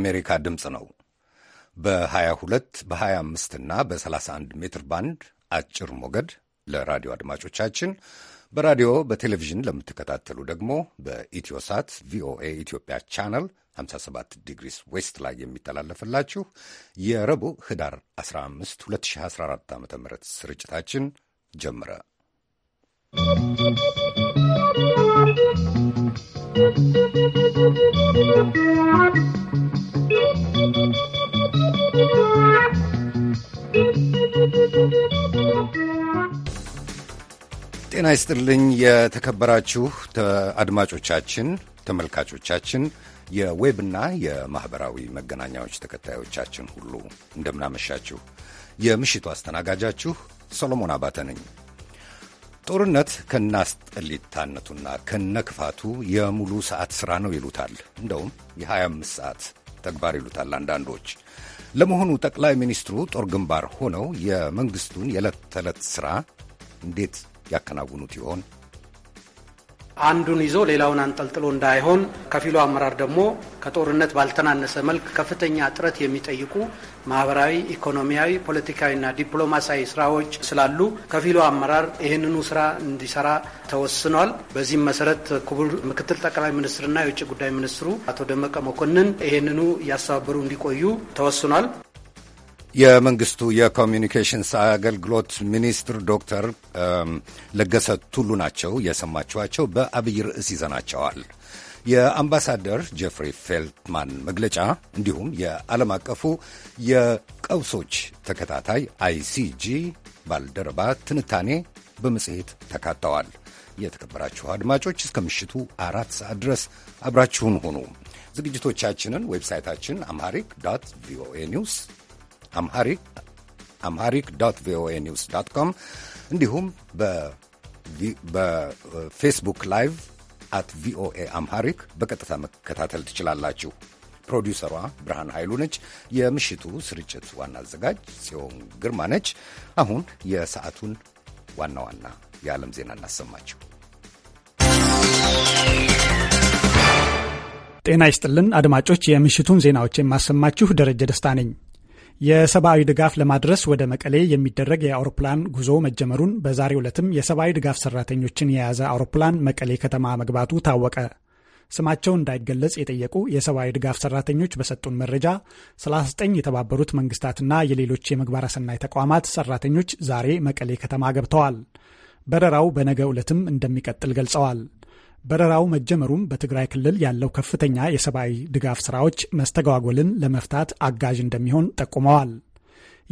የአሜሪካ ድምፅ ነው። በ22 በ25 እና በ31 ሜትር ባንድ አጭር ሞገድ ለራዲዮ አድማጮቻችን በራዲዮ በቴሌቪዥን ለምትከታተሉ ደግሞ በኢትዮሳት ቪኦኤ ኢትዮጵያ ቻናል 57 ዲግሪስ ዌስት ላይ የሚተላለፍላችሁ የረቡዕ ህዳር 15 2014 ዓ ም ስርጭታችን ጀመረ። ¶¶ ጤና ይስጥልኝ የተከበራችሁ አድማጮቻችን፣ ተመልካቾቻችን የዌብና የማኅበራዊ መገናኛዎች ተከታዮቻችን ሁሉ እንደምናመሻችሁ። የምሽቱ አስተናጋጃችሁ ሰሎሞን አባተ ነኝ። ጦርነት ከናስጠሊታነቱና ከነክፋቱ የሙሉ ሰዓት ሥራ ነው ይሉታል። እንደውም የ25 ሰዓት ተግባር ይሉታል አንዳንዶች። ለመሆኑ ጠቅላይ ሚኒስትሩ ጦር ግንባር ሆነው የመንግስቱን የዕለት ተዕለት ስራ እንዴት ያከናውኑት ይሆን? አንዱን ይዞ ሌላውን አንጠልጥሎ እንዳይሆን ከፊሉ አመራር ደግሞ ከጦርነት ባልተናነሰ መልክ ከፍተኛ ጥረት የሚጠይቁ ማህበራዊ፣ ኢኮኖሚያዊ፣ ፖለቲካዊና ዲፕሎማሲያዊ ስራዎች ስላሉ ከፊሉ አመራር ይህንኑ ስራ እንዲሰራ ተወስኗል። በዚህም መሰረት ክቡር ምክትል ጠቅላይ ሚኒስትርና የውጭ ጉዳይ ሚኒስትሩ አቶ ደመቀ መኮንን ይህንኑ እያስተባበሩ እንዲቆዩ ተወስኗል። የመንግስቱ የኮሚኒኬሽንስ አገልግሎት ሚኒስትር ዶክተር ለገሰ ቱሉ ናቸው የሰማችኋቸው። በአብይ ርዕስ ይዘናቸዋል። የአምባሳደር ጀፍሪ ፌልትማን መግለጫ እንዲሁም የዓለም አቀፉ የቀውሶች ተከታታይ አይሲጂ ባልደረባ ትንታኔ በመጽሔት ተካተዋል። የተከበራችሁ አድማጮች እስከ ምሽቱ አራት ሰዓት ድረስ አብራችሁን ሆኑ ዝግጅቶቻችንን ዌብሳይታችን አምሃሪክ ዶት ቪኦኤ ኒውስ አምሃሪክ ዶት ቪኦኤ ኒውስ ዶት ኮም እንዲሁም በፌስቡክ ላይቭ አት ቪኦኤ አምሃሪክ በቀጥታ መከታተል ትችላላችሁ። ፕሮዲውሰሯ ብርሃን ኃይሉ ነች። የምሽቱ ስርጭት ዋና አዘጋጅ ጽዮን ግርማ ነች። አሁን የሰዓቱን ዋና ዋና የዓለም ዜና እናሰማችሁ። ጤና ይስጥልን አድማጮች፣ የምሽቱን ዜናዎች የማሰማችሁ ደረጀ ደስታ ነኝ። የሰብአዊ ድጋፍ ለማድረስ ወደ መቀሌ የሚደረግ የአውሮፕላን ጉዞ መጀመሩን፣ በዛሬው ዕለትም የሰብአዊ ድጋፍ ሰራተኞችን የያዘ አውሮፕላን መቀሌ ከተማ መግባቱ ታወቀ። ስማቸው እንዳይገለጽ የጠየቁ የሰብአዊ ድጋፍ ሰራተኞች በሰጡን መረጃ 39 የተባበሩት መንግስታትና የሌሎች የምግባረ ሰናይ ተቋማት ሰራተኞች ዛሬ መቀሌ ከተማ ገብተዋል። በረራው በነገ ዕለትም እንደሚቀጥል ገልጸዋል። በረራው መጀመሩም በትግራይ ክልል ያለው ከፍተኛ የሰብአዊ ድጋፍ ስራዎች መስተጓጎልን ለመፍታት አጋዥ እንደሚሆን ጠቁመዋል።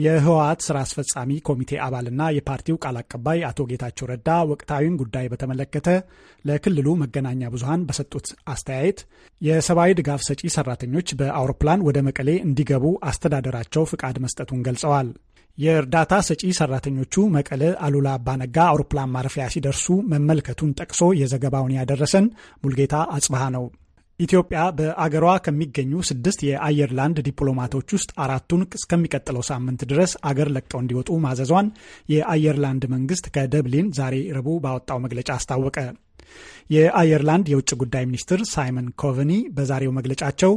የህወሀት ስራ አስፈጻሚ ኮሚቴ አባልና የፓርቲው ቃል አቀባይ አቶ ጌታቸው ረዳ ወቅታዊን ጉዳይ በተመለከተ ለክልሉ መገናኛ ብዙሃን በሰጡት አስተያየት የሰብአዊ ድጋፍ ሰጪ ሰራተኞች በአውሮፕላን ወደ መቀሌ እንዲገቡ አስተዳደራቸው ፍቃድ መስጠቱን ገልጸዋል። የእርዳታ ሰጪ ሰራተኞቹ መቀለ አሉላ አባነጋ አውሮፕላን ማረፊያ ሲደርሱ መመልከቱን ጠቅሶ የዘገባውን ያደረሰን ሙልጌታ አጽብሃ ነው። ኢትዮጵያ በአገሯ ከሚገኙ ስድስት የአየርላንድ ዲፕሎማቶች ውስጥ አራቱን እስከሚቀጥለው ሳምንት ድረስ አገር ለቀው እንዲወጡ ማዘዟን የአየርላንድ መንግስት ከደብሊን ዛሬ ረቡዕ ባወጣው መግለጫ አስታወቀ። የአየርላንድ የውጭ ጉዳይ ሚኒስትር ሳይመን ኮቨኒ በዛሬው መግለጫቸው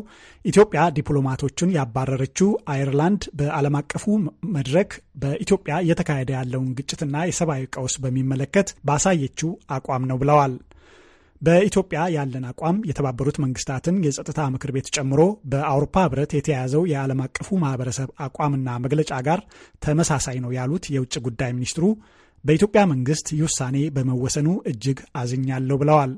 ኢትዮጵያ ዲፕሎማቶቹን ያባረረችው አየርላንድ በዓለም አቀፉ መድረክ በኢትዮጵያ እየተካሄደ ያለውን ግጭትና የሰብአዊ ቀውስ በሚመለከት ባሳየችው አቋም ነው ብለዋል። በኢትዮጵያ ያለን አቋም የተባበሩት መንግስታትን የጸጥታ ምክር ቤት ጨምሮ በአውሮፓ ህብረት የተያያዘው የዓለም አቀፉ ማህበረሰብ አቋምና መግለጫ ጋር ተመሳሳይ ነው ያሉት የውጭ ጉዳይ ሚኒስትሩ በኢትዮጵያ መንግስት ይህ ውሳኔ በመወሰኑ እጅግ አዝኛለሁ ብለዋል።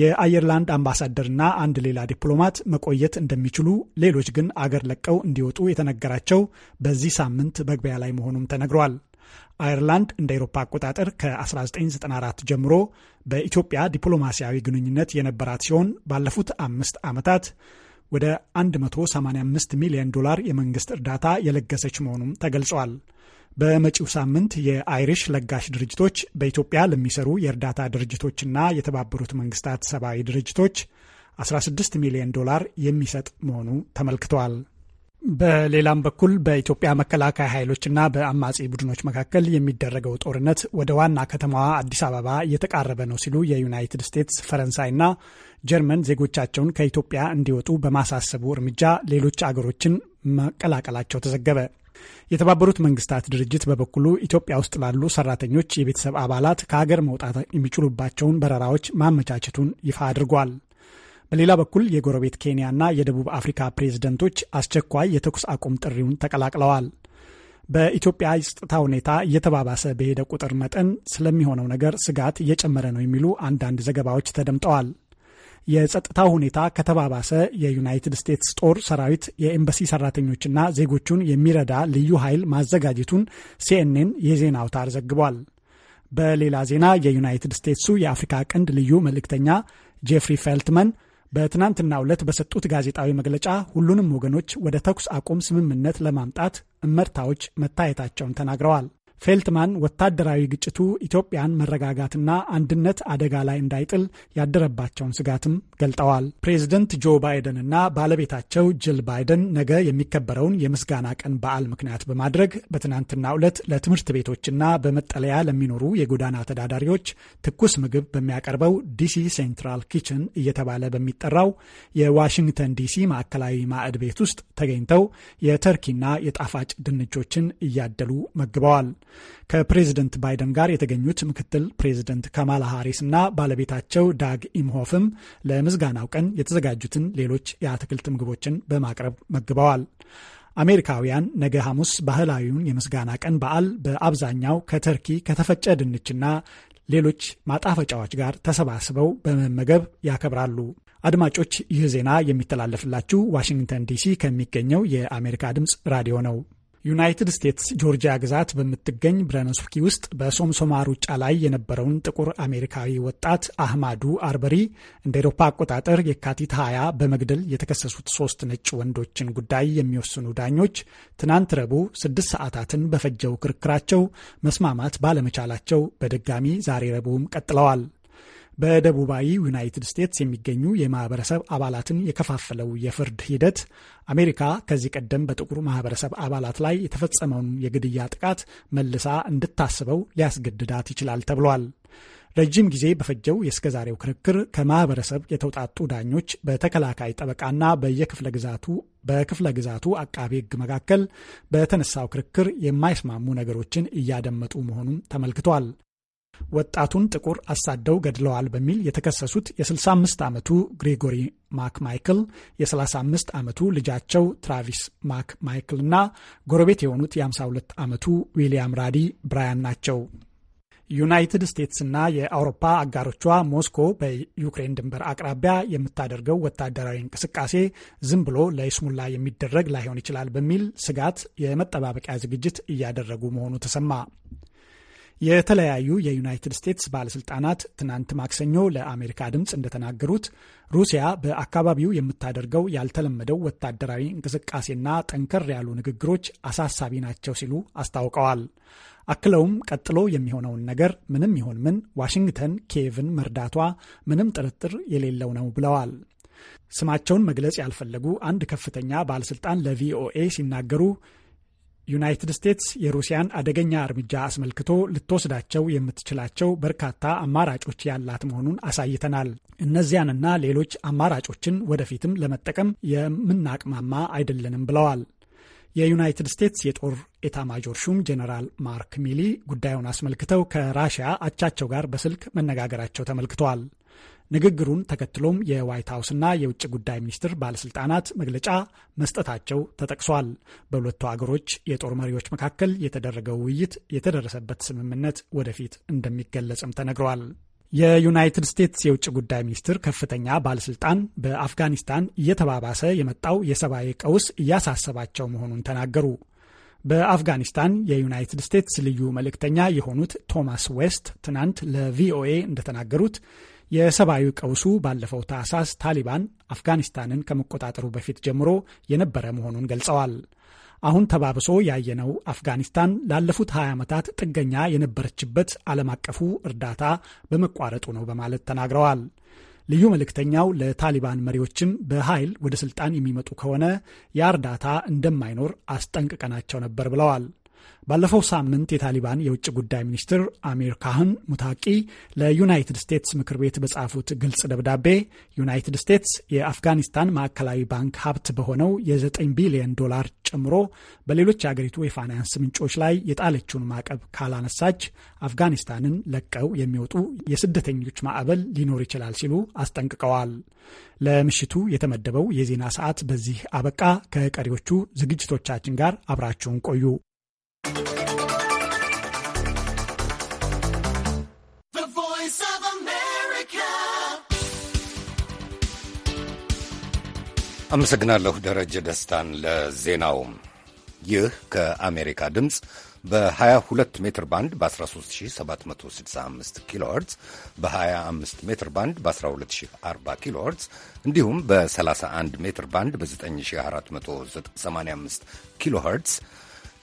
የአየርላንድ አምባሳደርና አንድ ሌላ ዲፕሎማት መቆየት እንደሚችሉ፣ ሌሎች ግን አገር ለቀው እንዲወጡ የተነገራቸው በዚህ ሳምንት መግቢያ ላይ መሆኑም ተነግሯል። አየርላንድ እንደ ኤሮፓ አቆጣጠር ከ1994 ጀምሮ በኢትዮጵያ ዲፕሎማሲያዊ ግንኙነት የነበራት ሲሆን ባለፉት አምስት ዓመታት ወደ 185 ሚሊዮን ዶላር የመንግስት እርዳታ የለገሰች መሆኑም ተገልጿል። በመጪው ሳምንት የአይሪሽ ለጋሽ ድርጅቶች በኢትዮጵያ ለሚሰሩ የእርዳታ ድርጅቶችና የተባበሩት መንግስታት ሰብአዊ ድርጅቶች 16 ሚሊዮን ዶላር የሚሰጥ መሆኑ ተመልክተዋል። በሌላም በኩል በኢትዮጵያ መከላከያ ኃይሎችና በአማጺ ቡድኖች መካከል የሚደረገው ጦርነት ወደ ዋና ከተማዋ አዲስ አበባ እየተቃረበ ነው ሲሉ የዩናይትድ ስቴትስ ፈረንሳይና ጀርመን ዜጎቻቸውን ከኢትዮጵያ እንዲወጡ በማሳሰቡ እርምጃ ሌሎች አገሮችን መቀላቀላቸው ተዘገበ። የተባበሩት መንግስታት ድርጅት በበኩሉ ኢትዮጵያ ውስጥ ላሉ ሰራተኞች የቤተሰብ አባላት ከሀገር መውጣት የሚችሉባቸውን በረራዎች ማመቻቸቱን ይፋ አድርጓል። በሌላ በኩል የጎረቤት ኬንያና የደቡብ አፍሪካ ፕሬዝደንቶች አስቸኳይ የተኩስ አቁም ጥሪውን ተቀላቅለዋል። በኢትዮጵያ የጸጥታ ሁኔታ እየተባባሰ በሄደ ቁጥር መጠን ስለሚሆነው ነገር ስጋት እየጨመረ ነው የሚሉ አንዳንድ ዘገባዎች ተደምጠዋል። የጸጥታ ሁኔታ ከተባባሰ የዩናይትድ ስቴትስ ጦር ሰራዊት የኤምባሲ ሰራተኞችና ዜጎቹን የሚረዳ ልዩ ኃይል ማዘጋጀቱን ሲኤንኤን የዜና አውታር ዘግቧል። በሌላ ዜና የዩናይትድ ስቴትሱ የአፍሪካ ቀንድ ልዩ መልእክተኛ ጄፍሪ ፌልትመን በትናንትናው ዕለት በሰጡት ጋዜጣዊ መግለጫ ሁሉንም ወገኖች ወደ ተኩስ አቁም ስምምነት ለማምጣት እመርታዎች መታየታቸውን ተናግረዋል። ፌልትማን ወታደራዊ ግጭቱ ኢትዮጵያን መረጋጋትና አንድነት አደጋ ላይ እንዳይጥል ያደረባቸውን ስጋትም ገልጠዋል። ፕሬዝደንት ጆ ባይደን እና ባለቤታቸው ጅል ባይደን ነገ የሚከበረውን የምስጋና ቀን በዓል ምክንያት በማድረግ በትናንትናው ዕለት ለትምህርት ቤቶችና በመጠለያ ለሚኖሩ የጎዳና ተዳዳሪዎች ትኩስ ምግብ በሚያቀርበው ዲሲ ሴንትራል ኪችን እየተባለ በሚጠራው የዋሽንግተን ዲሲ ማዕከላዊ ማዕድ ቤት ውስጥ ተገኝተው የተርኪና የጣፋጭ ድንቾችን እያደሉ መግበዋል። ከፕሬዝደንት ባይደን ጋር የተገኙት ምክትል ፕሬዝደንት ካማላ ሃሪስ እና ባለቤታቸው ዳግ ኢምሆፍም ለምዝጋናው ቀን የተዘጋጁትን ሌሎች የአትክልት ምግቦችን በማቅረብ መግበዋል። አሜሪካውያን ነገ ሐሙስ ባህላዊውን የምስጋና ቀን በዓል በአብዛኛው ከተርኪ ከተፈጨ ድንችና ሌሎች ማጣፈጫዎች ጋር ተሰባስበው በመመገብ ያከብራሉ። አድማጮች፣ ይህ ዜና የሚተላለፍላችሁ ዋሽንግተን ዲሲ ከሚገኘው የአሜሪካ ድምፅ ራዲዮ ነው። ዩናይትድ ስቴትስ ጆርጂያ ግዛት በምትገኝ ብረነሱኪ ውስጥ በሶምሶማ ሩጫ ላይ የነበረውን ጥቁር አሜሪካዊ ወጣት አህማዱ አርበሪ እንደ ኤሮፓ አቆጣጠር የካቲት 20 በመግደል የተከሰሱት ሶስት ነጭ ወንዶችን ጉዳይ የሚወስኑ ዳኞች ትናንት ረቡዕ ስድስት ሰዓታትን በፈጀው ክርክራቸው መስማማት ባለመቻላቸው በድጋሚ ዛሬ ረቡዕም ቀጥለዋል። በደቡባዊ ዩናይትድ ስቴትስ የሚገኙ የማህበረሰብ አባላትን የከፋፈለው የፍርድ ሂደት አሜሪካ ከዚህ ቀደም በጥቁር ማህበረሰብ አባላት ላይ የተፈጸመውን የግድያ ጥቃት መልሳ እንድታስበው ሊያስገድዳት ይችላል ተብሏል። ረጅም ጊዜ በፈጀው የእስከዛሬው ክርክር ከማህበረሰብ የተውጣጡ ዳኞች በተከላካይ ጠበቃና በየክፍለ ግዛቱ በክፍለ ግዛቱ አቃቢ ሕግ መካከል በተነሳው ክርክር የማይስማሙ ነገሮችን እያደመጡ መሆኑን ተመልክቷል። ወጣቱን ጥቁር አሳደው ገድለዋል በሚል የተከሰሱት የ65 ዓመቱ ግሪጎሪ ማክ ማይክል የ35 ዓመቱ ልጃቸው ትራቪስ ማክ ማይክል እና ጎረቤት የሆኑት የ52 ዓመቱ ዊሊያም ራዲ ብራያን ናቸው። ዩናይትድ ስቴትስ እና የአውሮፓ አጋሮቿ ሞስኮ በዩክሬን ድንበር አቅራቢያ የምታደርገው ወታደራዊ እንቅስቃሴ ዝም ብሎ ለይስሙላ የሚደረግ ላይሆን ይችላል በሚል ስጋት የመጠባበቂያ ዝግጅት እያደረጉ መሆኑ ተሰማ። የተለያዩ የዩናይትድ ስቴትስ ባለስልጣናት ትናንት ማክሰኞ ለአሜሪካ ድምፅ እንደተናገሩት ሩሲያ በአካባቢው የምታደርገው ያልተለመደው ወታደራዊ እንቅስቃሴና ጠንከር ያሉ ንግግሮች አሳሳቢ ናቸው ሲሉ አስታውቀዋል። አክለውም ቀጥሎ የሚሆነውን ነገር ምንም ይሁን ምን ዋሽንግተን ኪየቭን መርዳቷ ምንም ጥርጥር የሌለው ነው ብለዋል። ስማቸውን መግለጽ ያልፈለጉ አንድ ከፍተኛ ባለስልጣን ለቪኦኤ ሲናገሩ ዩናይትድ ስቴትስ የሩሲያን አደገኛ እርምጃ አስመልክቶ ልትወስዳቸው የምትችላቸው በርካታ አማራጮች ያላት መሆኑን አሳይተናል። እነዚያንና ሌሎች አማራጮችን ወደፊትም ለመጠቀም የምናቅማማ አይደለንም ብለዋል። የዩናይትድ ስቴትስ የጦር ኤታማጆር ሹም ጄኔራል ማርክ ሚሊ ጉዳዩን አስመልክተው ከራሽያ አቻቸው ጋር በስልክ መነጋገራቸው ተመልክተዋል። ንግግሩን ተከትሎም የዋይት ሀውስና የውጭ ጉዳይ ሚኒስትር ባለስልጣናት መግለጫ መስጠታቸው ተጠቅሷል። በሁለቱ አገሮች የጦር መሪዎች መካከል የተደረገው ውይይት የተደረሰበት ስምምነት ወደፊት እንደሚገለጽም ተነግሯል። የዩናይትድ ስቴትስ የውጭ ጉዳይ ሚኒስትር ከፍተኛ ባለስልጣን በአፍጋኒስታን እየተባባሰ የመጣው የሰብአዊ ቀውስ እያሳሰባቸው መሆኑን ተናገሩ። በአፍጋኒስታን የዩናይትድ ስቴትስ ልዩ መልእክተኛ የሆኑት ቶማስ ዌስት ትናንት ለቪኦኤ እንደተናገሩት የሰብአዊ ቀውሱ ባለፈው ታህሳስ ታሊባን አፍጋኒስታንን ከመቆጣጠሩ በፊት ጀምሮ የነበረ መሆኑን ገልጸዋል። አሁን ተባብሶ ያየነው አፍጋኒስታን ላለፉት 20 ዓመታት ጥገኛ የነበረችበት ዓለም አቀፉ እርዳታ በመቋረጡ ነው በማለት ተናግረዋል። ልዩ መልእክተኛው ለታሊባን መሪዎችም በኃይል ወደ ስልጣን የሚመጡ ከሆነ ያ እርዳታ እንደማይኖር አስጠንቅቀናቸው ነበር ብለዋል። ባለፈው ሳምንት የታሊባን የውጭ ጉዳይ ሚኒስትር አሚር ካህን ሙታቂ ለዩናይትድ ስቴትስ ምክር ቤት በጻፉት ግልጽ ደብዳቤ ዩናይትድ ስቴትስ የአፍጋኒስታን ማዕከላዊ ባንክ ሀብት በሆነው የ9 ቢሊዮን ዶላር ጨምሮ በሌሎች የአገሪቱ የፋይናንስ ምንጮች ላይ የጣለችውን ማዕቀብ ካላነሳች አፍጋኒስታንን ለቀው የሚወጡ የስደተኞች ማዕበል ሊኖር ይችላል ሲሉ አስጠንቅቀዋል። ለምሽቱ የተመደበው የዜና ሰዓት በዚህ አበቃ። ከቀሪዎቹ ዝግጅቶቻችን ጋር አብራችሁን ቆዩ። አመሰግናለሁ ደረጀ ደስታን ለዜናው። ይህ ከአሜሪካ ድምፅ በ22 ሜትር ባንድ በ13765 ኪሎ ሄርዝ በ25 ሜትር ባንድ በ1240 ኪሎ ሄርዝ እንዲሁም በ31 ሜትር ባንድ በ9485 ኪሎ ሄርዝ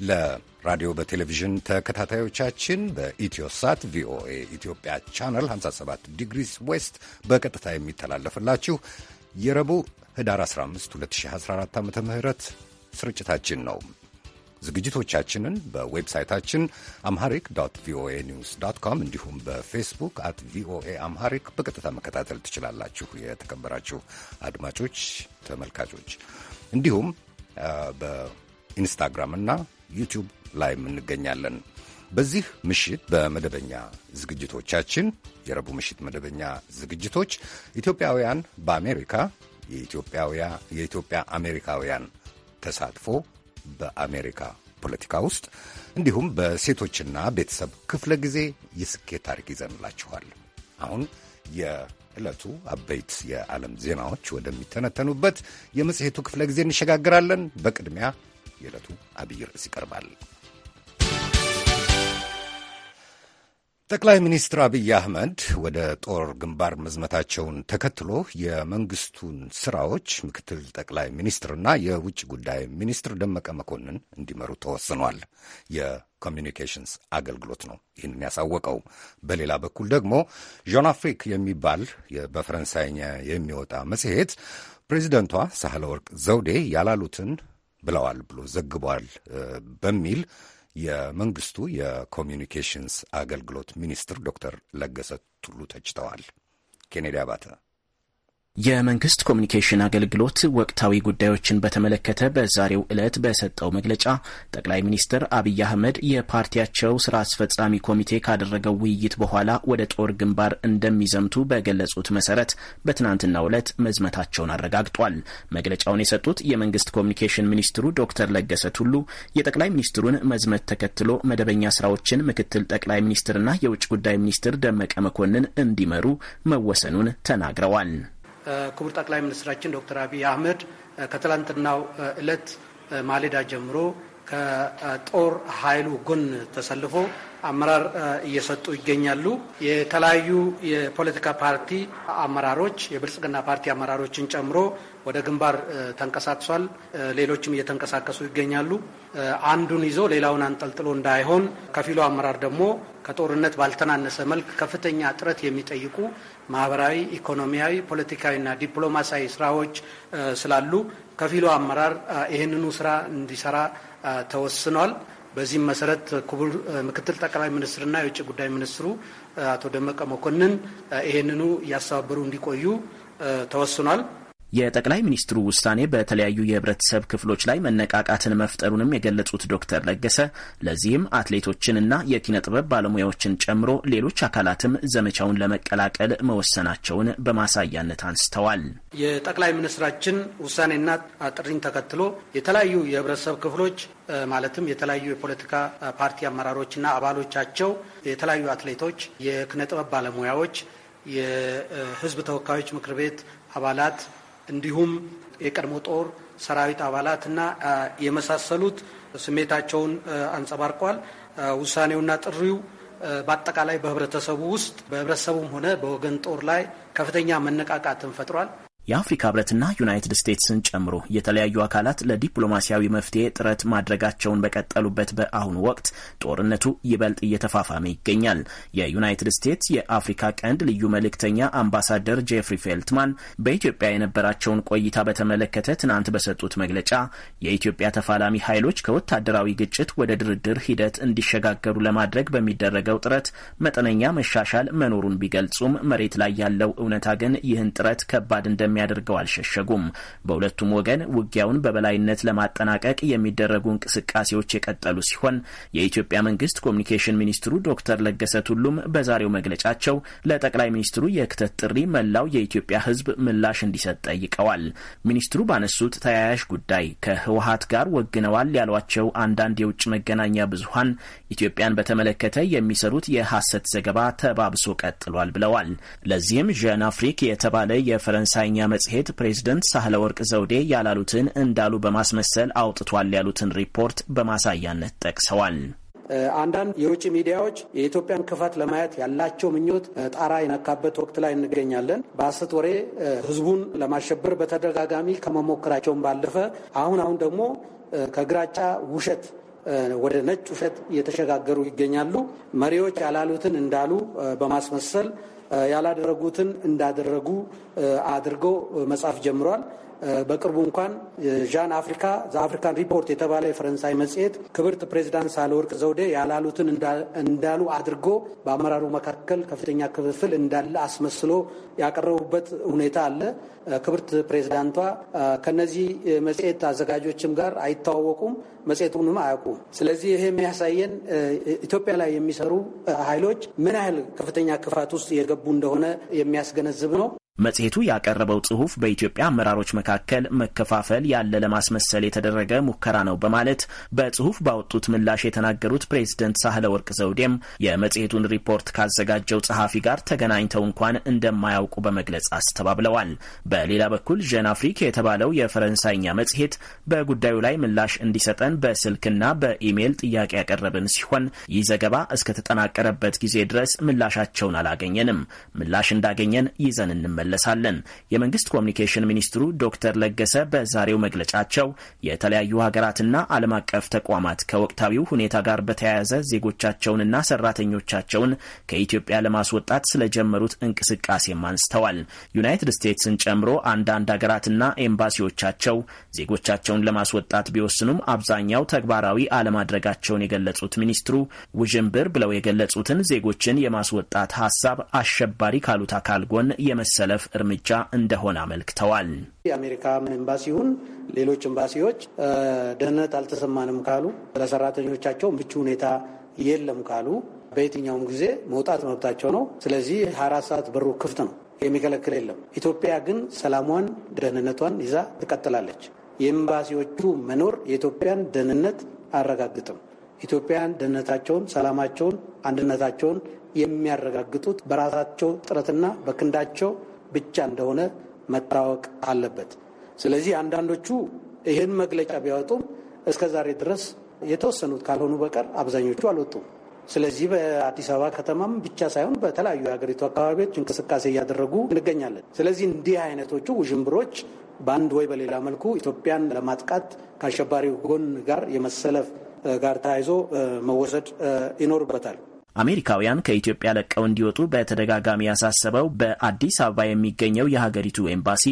ለራዲዮ በቴሌቪዥን ተከታታዮቻችን በኢትዮሳት ቪኦኤ ኢትዮጵያ ቻናል 57 ዲግሪስ ዌስት በቀጥታ የሚተላለፍላችሁ የረቡዕ ህዳር 15 2014 ዓ ም ስርጭታችን ነው። ዝግጅቶቻችንን በዌብሳይታችን አምሃሪክ ዶት ቪኦኤ ኒውስ ዶት ኮም እንዲሁም በፌስቡክ አት ቪኦኤ አምሃሪክ በቀጥታ መከታተል ትችላላችሁ። የተከበራችሁ አድማጮች፣ ተመልካቾች እንዲሁም በኢንስታግራም እና ዩቲዩብ ላይም እንገኛለን። በዚህ ምሽት በመደበኛ ዝግጅቶቻችን የረቡዕ ምሽት መደበኛ ዝግጅቶች ኢትዮጵያውያን በአሜሪካ የኢትዮጵያ አሜሪካውያን ተሳትፎ በአሜሪካ ፖለቲካ ውስጥ እንዲሁም በሴቶችና ቤተሰብ ክፍለ ጊዜ የስኬት ታሪክ ይዘንላችኋል። አሁን የዕለቱ አበይት የዓለም ዜናዎች ወደሚተነተኑበት የመጽሔቱ ክፍለ ጊዜ እንሸጋግራለን። በቅድሚያ የዕለቱ አብይ ርዕስ ይቀርባል። ጠቅላይ ሚኒስትር አብይ አህመድ ወደ ጦር ግንባር መዝመታቸውን ተከትሎ የመንግስቱን ስራዎች ምክትል ጠቅላይ ሚኒስትርና የውጭ ጉዳይ ሚኒስትር ደመቀ መኮንን እንዲመሩ ተወስኗል። የኮሚኒኬሽንስ አገልግሎት ነው ይህንን ያሳወቀው። በሌላ በኩል ደግሞ ዣን አፍሪክ የሚባል በፈረንሳይኛ የሚወጣ መጽሔት ፕሬዚደንቷ ሳህለወርቅ ዘውዴ ያላሉትን ብለዋል ብሎ ዘግቧል በሚል የመንግስቱ የኮሚዩኒኬሽንስ አገልግሎት ሚኒስትር ዶክተር ለገሰ ቱሉ ተችተዋል። ኬኔዲ አባተ የመንግስት ኮሚኒኬሽን አገልግሎት ወቅታዊ ጉዳዮችን በተመለከተ በዛሬው ዕለት በሰጠው መግለጫ ጠቅላይ ሚኒስትር አብይ አህመድ የፓርቲያቸው ስራ አስፈጻሚ ኮሚቴ ካደረገው ውይይት በኋላ ወደ ጦር ግንባር እንደሚዘምቱ በገለጹት መሰረት በትናንትናው ዕለት መዝመታቸውን አረጋግጧል። መግለጫውን የሰጡት የመንግስት ኮሚኒኬሽን ሚኒስትሩ ዶክተር ለገሰ ቱሉ የጠቅላይ ሚኒስትሩን መዝመት ተከትሎ መደበኛ ስራዎችን ምክትል ጠቅላይ ሚኒስትርና የውጭ ጉዳይ ሚኒስትር ደመቀ መኮንን እንዲመሩ መወሰኑን ተናግረዋል። ክቡር ጠቅላይ ሚኒስትራችን ዶክተር አብይ አህመድ ከትላንትናው እለት ማሌዳ ጀምሮ ከጦር ኃይሉ ጎን ተሰልፎ አመራር እየሰጡ ይገኛሉ። የተለያዩ የፖለቲካ ፓርቲ አመራሮች የብልጽግና ፓርቲ አመራሮችን ጨምሮ ወደ ግንባር ተንቀሳቅሷል። ሌሎችም እየተንቀሳቀሱ ይገኛሉ። አንዱን ይዞ ሌላውን አንጠልጥሎ እንዳይሆን ከፊሉ አመራር ደግሞ ከጦርነት ባልተናነሰ መልክ ከፍተኛ ጥረት የሚጠይቁ ማህበራዊ፣ ኢኮኖሚያዊ፣ ፖለቲካዊና ዲፕሎማሲያዊ ስራዎች ስላሉ ከፊሉ አመራር ይህንኑ ስራ እንዲሰራ ተወስኗል። በዚህም መሰረት ክቡር ምክትል ጠቅላይ ሚኒስትርና የውጭ ጉዳይ ሚኒስትሩ አቶ ደመቀ መኮንን ይህንኑ እያስተባበሩ እንዲቆዩ ተወስኗል። የጠቅላይ ሚኒስትሩ ውሳኔ በተለያዩ የህብረተሰብ ክፍሎች ላይ መነቃቃትን መፍጠሩንም የገለጹት ዶክተር ለገሰ ለዚህም አትሌቶችንና የኪነ ጥበብ ባለሙያዎችን ጨምሮ ሌሎች አካላትም ዘመቻውን ለመቀላቀል መወሰናቸውን በማሳያነት አንስተዋል። የጠቅላይ ሚኒስትራችን ውሳኔና ጥሪን ተከትሎ የተለያዩ የህብረተሰብ ክፍሎች ማለትም የተለያዩ የፖለቲካ ፓርቲ አመራሮችና አባሎቻቸው፣ የተለያዩ አትሌቶች፣ የኪነ ጥበብ ባለሙያዎች፣ የህዝብ ተወካዮች ምክር ቤት አባላት እንዲሁም የቀድሞ ጦር ሰራዊት አባላት እና የመሳሰሉት ስሜታቸውን አንጸባርቋል። ውሳኔውና ጥሪው በአጠቃላይ በህብረተሰቡ ውስጥ በህብረተሰቡም ሆነ በወገን ጦር ላይ ከፍተኛ መነቃቃትን ፈጥሯል። የአፍሪካ ህብረትና ዩናይትድ ስቴትስን ጨምሮ የተለያዩ አካላት ለዲፕሎማሲያዊ መፍትሄ ጥረት ማድረጋቸውን በቀጠሉበት በአሁኑ ወቅት ጦርነቱ ይበልጥ እየተፋፋመ ይገኛል። የዩናይትድ ስቴትስ የአፍሪካ ቀንድ ልዩ መልእክተኛ አምባሳደር ጄፍሪ ፌልትማን በኢትዮጵያ የነበራቸውን ቆይታ በተመለከተ ትናንት በሰጡት መግለጫ የኢትዮጵያ ተፋላሚ ኃይሎች ከወታደራዊ ግጭት ወደ ድርድር ሂደት እንዲሸጋገሩ ለማድረግ በሚደረገው ጥረት መጠነኛ መሻሻል መኖሩን ቢገልጹም መሬት ላይ ያለው እውነታ ግን ይህን ጥረት ከባድ እንደ እንደሚያደርገው አልሸሸጉም። በሁለቱም ወገን ውጊያውን በበላይነት ለማጠናቀቅ የሚደረጉ እንቅስቃሴዎች የቀጠሉ ሲሆን የኢትዮጵያ መንግስት ኮሚኒኬሽን ሚኒስትሩ ዶክተር ለገሰ ቱሉም በዛሬው መግለጫቸው ለጠቅላይ ሚኒስትሩ የክተት ጥሪ መላው የኢትዮጵያ ሕዝብ ምላሽ እንዲሰጥ ጠይቀዋል። ሚኒስትሩ ባነሱት ተያያዥ ጉዳይ ከህወሀት ጋር ወግነዋል ያሏቸው አንዳንድ የውጭ መገናኛ ብዙሀን ኢትዮጵያን በተመለከተ የሚሰሩት የሐሰት ዘገባ ተባብሶ ቀጥሏል ብለዋል። ለዚህም ዣን አፍሪክ የተባለ የፈረንሳይኛ መጽሔት ፕሬዝደንት ሳህለ ወርቅ ዘውዴ ያላሉትን እንዳሉ በማስመሰል አውጥቷል ያሉትን ሪፖርት በማሳያነት ጠቅሰዋል። አንዳንድ የውጭ ሚዲያዎች የኢትዮጵያን ክፋት ለማየት ያላቸው ምኞት ጣራ የነካበት ወቅት ላይ እንገኛለን። በሐሰት ወሬ ህዝቡን ለማሸበር በተደጋጋሚ ከመሞከራቸውን ባለፈ አሁን አሁን ደግሞ ከግራጫ ውሸት ወደ ነጭ ውሸት እየተሸጋገሩ ይገኛሉ። መሪዎች ያላሉትን እንዳሉ በማስመሰል ያላደረጉትን እንዳደረጉ አድርገው መጻፍ ጀምሯል። በቅርቡ እንኳን ዣን አፍሪካ ዘአፍሪካን ሪፖርት የተባለ የፈረንሳይ መጽሔት ክብርት ፕሬዚዳንት ሳህለወርቅ ዘውዴ ያላሉትን እንዳሉ አድርጎ በአመራሩ መካከል ከፍተኛ ክፍፍል እንዳለ አስመስሎ ያቀረቡበት ሁኔታ አለ። ክብርት ፕሬዚዳንቷ ከነዚህ መጽሔት አዘጋጆችም ጋር አይተዋወቁም። መጽሔቱንም አያውቁም። ስለዚህ ይሄ የሚያሳየን ኢትዮጵያ ላይ የሚሰሩ ኃይሎች ምን ያህል ከፍተኛ ክፋት ውስጥ የገቡ እንደሆነ የሚያስገነዝብ ነው። መጽሔቱ ያቀረበው ጽሁፍ በኢትዮጵያ አመራሮች መካከል መከፋፈል ያለ ለማስመሰል የተደረገ ሙከራ ነው በማለት በጽሁፍ ባወጡት ምላሽ የተናገሩት ፕሬዝደንት ሳህለ ወርቅ ዘውዴም የመጽሔቱን ሪፖርት ካዘጋጀው ጸሐፊ ጋር ተገናኝተው እንኳን እንደማያውቁ በመግለጽ አስተባብለዋል። በሌላ በኩል ዣን አፍሪክ የተባለው የፈረንሳይኛ መጽሔት በጉዳዩ ላይ ምላሽ እንዲሰጠን አስቀድመን በስልክና በኢሜይል ጥያቄ ያቀረብን ሲሆን ይህ ዘገባ እስከተጠናቀረበት ጊዜ ድረስ ምላሻቸውን አላገኘንም። ምላሽ እንዳገኘን ይዘን እንመለሳለን። የመንግስት ኮሚኒኬሽን ሚኒስትሩ ዶክተር ለገሰ በዛሬው መግለጫቸው የተለያዩ ሀገራትና ዓለም አቀፍ ተቋማት ከወቅታዊው ሁኔታ ጋር በተያያዘ ዜጎቻቸውንና ሰራተኞቻቸውን ከኢትዮጵያ ለማስወጣት ስለጀመሩት እንቅስቃሴም አንስተዋል። ዩናይትድ ስቴትስን ጨምሮ አንዳንድ ሀገራትና ኤምባሲዎቻቸው ዜጎቻቸውን ለማስወጣት ቢወስኑም አብዛኛ በአብዛኛው ተግባራዊ አለማድረጋቸውን የገለጹት ሚኒስትሩ ውዥንብር ብለው የገለጹትን ዜጎችን የማስወጣት ሀሳብ አሸባሪ ካሉት አካል ጎን የመሰለፍ እርምጃ እንደሆነ አመልክተዋል። የአሜሪካ ኤምባሲ ይሁን ሌሎች ኤምባሲዎች ደህንነት አልተሰማንም ካሉ፣ ለሰራተኞቻቸው ምቹ ሁኔታ የለም ካሉ በየትኛውም ጊዜ መውጣት መብታቸው ነው። ስለዚህ ሀያ አራት ሰዓት በሩ ክፍት ነው፣ የሚከለክል የለም። ኢትዮጵያ ግን ሰላሟን፣ ደህንነቷን ይዛ ትቀጥላለች። የኤምባሲዎቹ መኖር የኢትዮጵያን ደህንነት አያረጋግጥም። ኢትዮጵያውያን ደህንነታቸውን፣ ሰላማቸውን፣ አንድነታቸውን የሚያረጋግጡት በራሳቸው ጥረትና በክንዳቸው ብቻ እንደሆነ መታወቅ አለበት። ስለዚህ አንዳንዶቹ ይህን መግለጫ ቢያወጡም እስከ ዛሬ ድረስ የተወሰኑት ካልሆኑ በቀር አብዛኞቹ አልወጡም። ስለዚህ በአዲስ አበባ ከተማም ብቻ ሳይሆን በተለያዩ የሀገሪቱ አካባቢዎች እንቅስቃሴ እያደረጉ እንገኛለን። ስለዚህ እንዲህ አይነቶቹ ውዥንብሮች በአንድ ወይ በሌላ መልኩ ኢትዮጵያን ለማጥቃት ከአሸባሪው ጎን ጋር የመሰለፍ ጋር ተያይዞ መወሰድ ይኖርበታል። አሜሪካውያን ከኢትዮጵያ ለቀው እንዲወጡ በተደጋጋሚ ያሳሰበው በአዲስ አበባ የሚገኘው የሀገሪቱ ኤምባሲ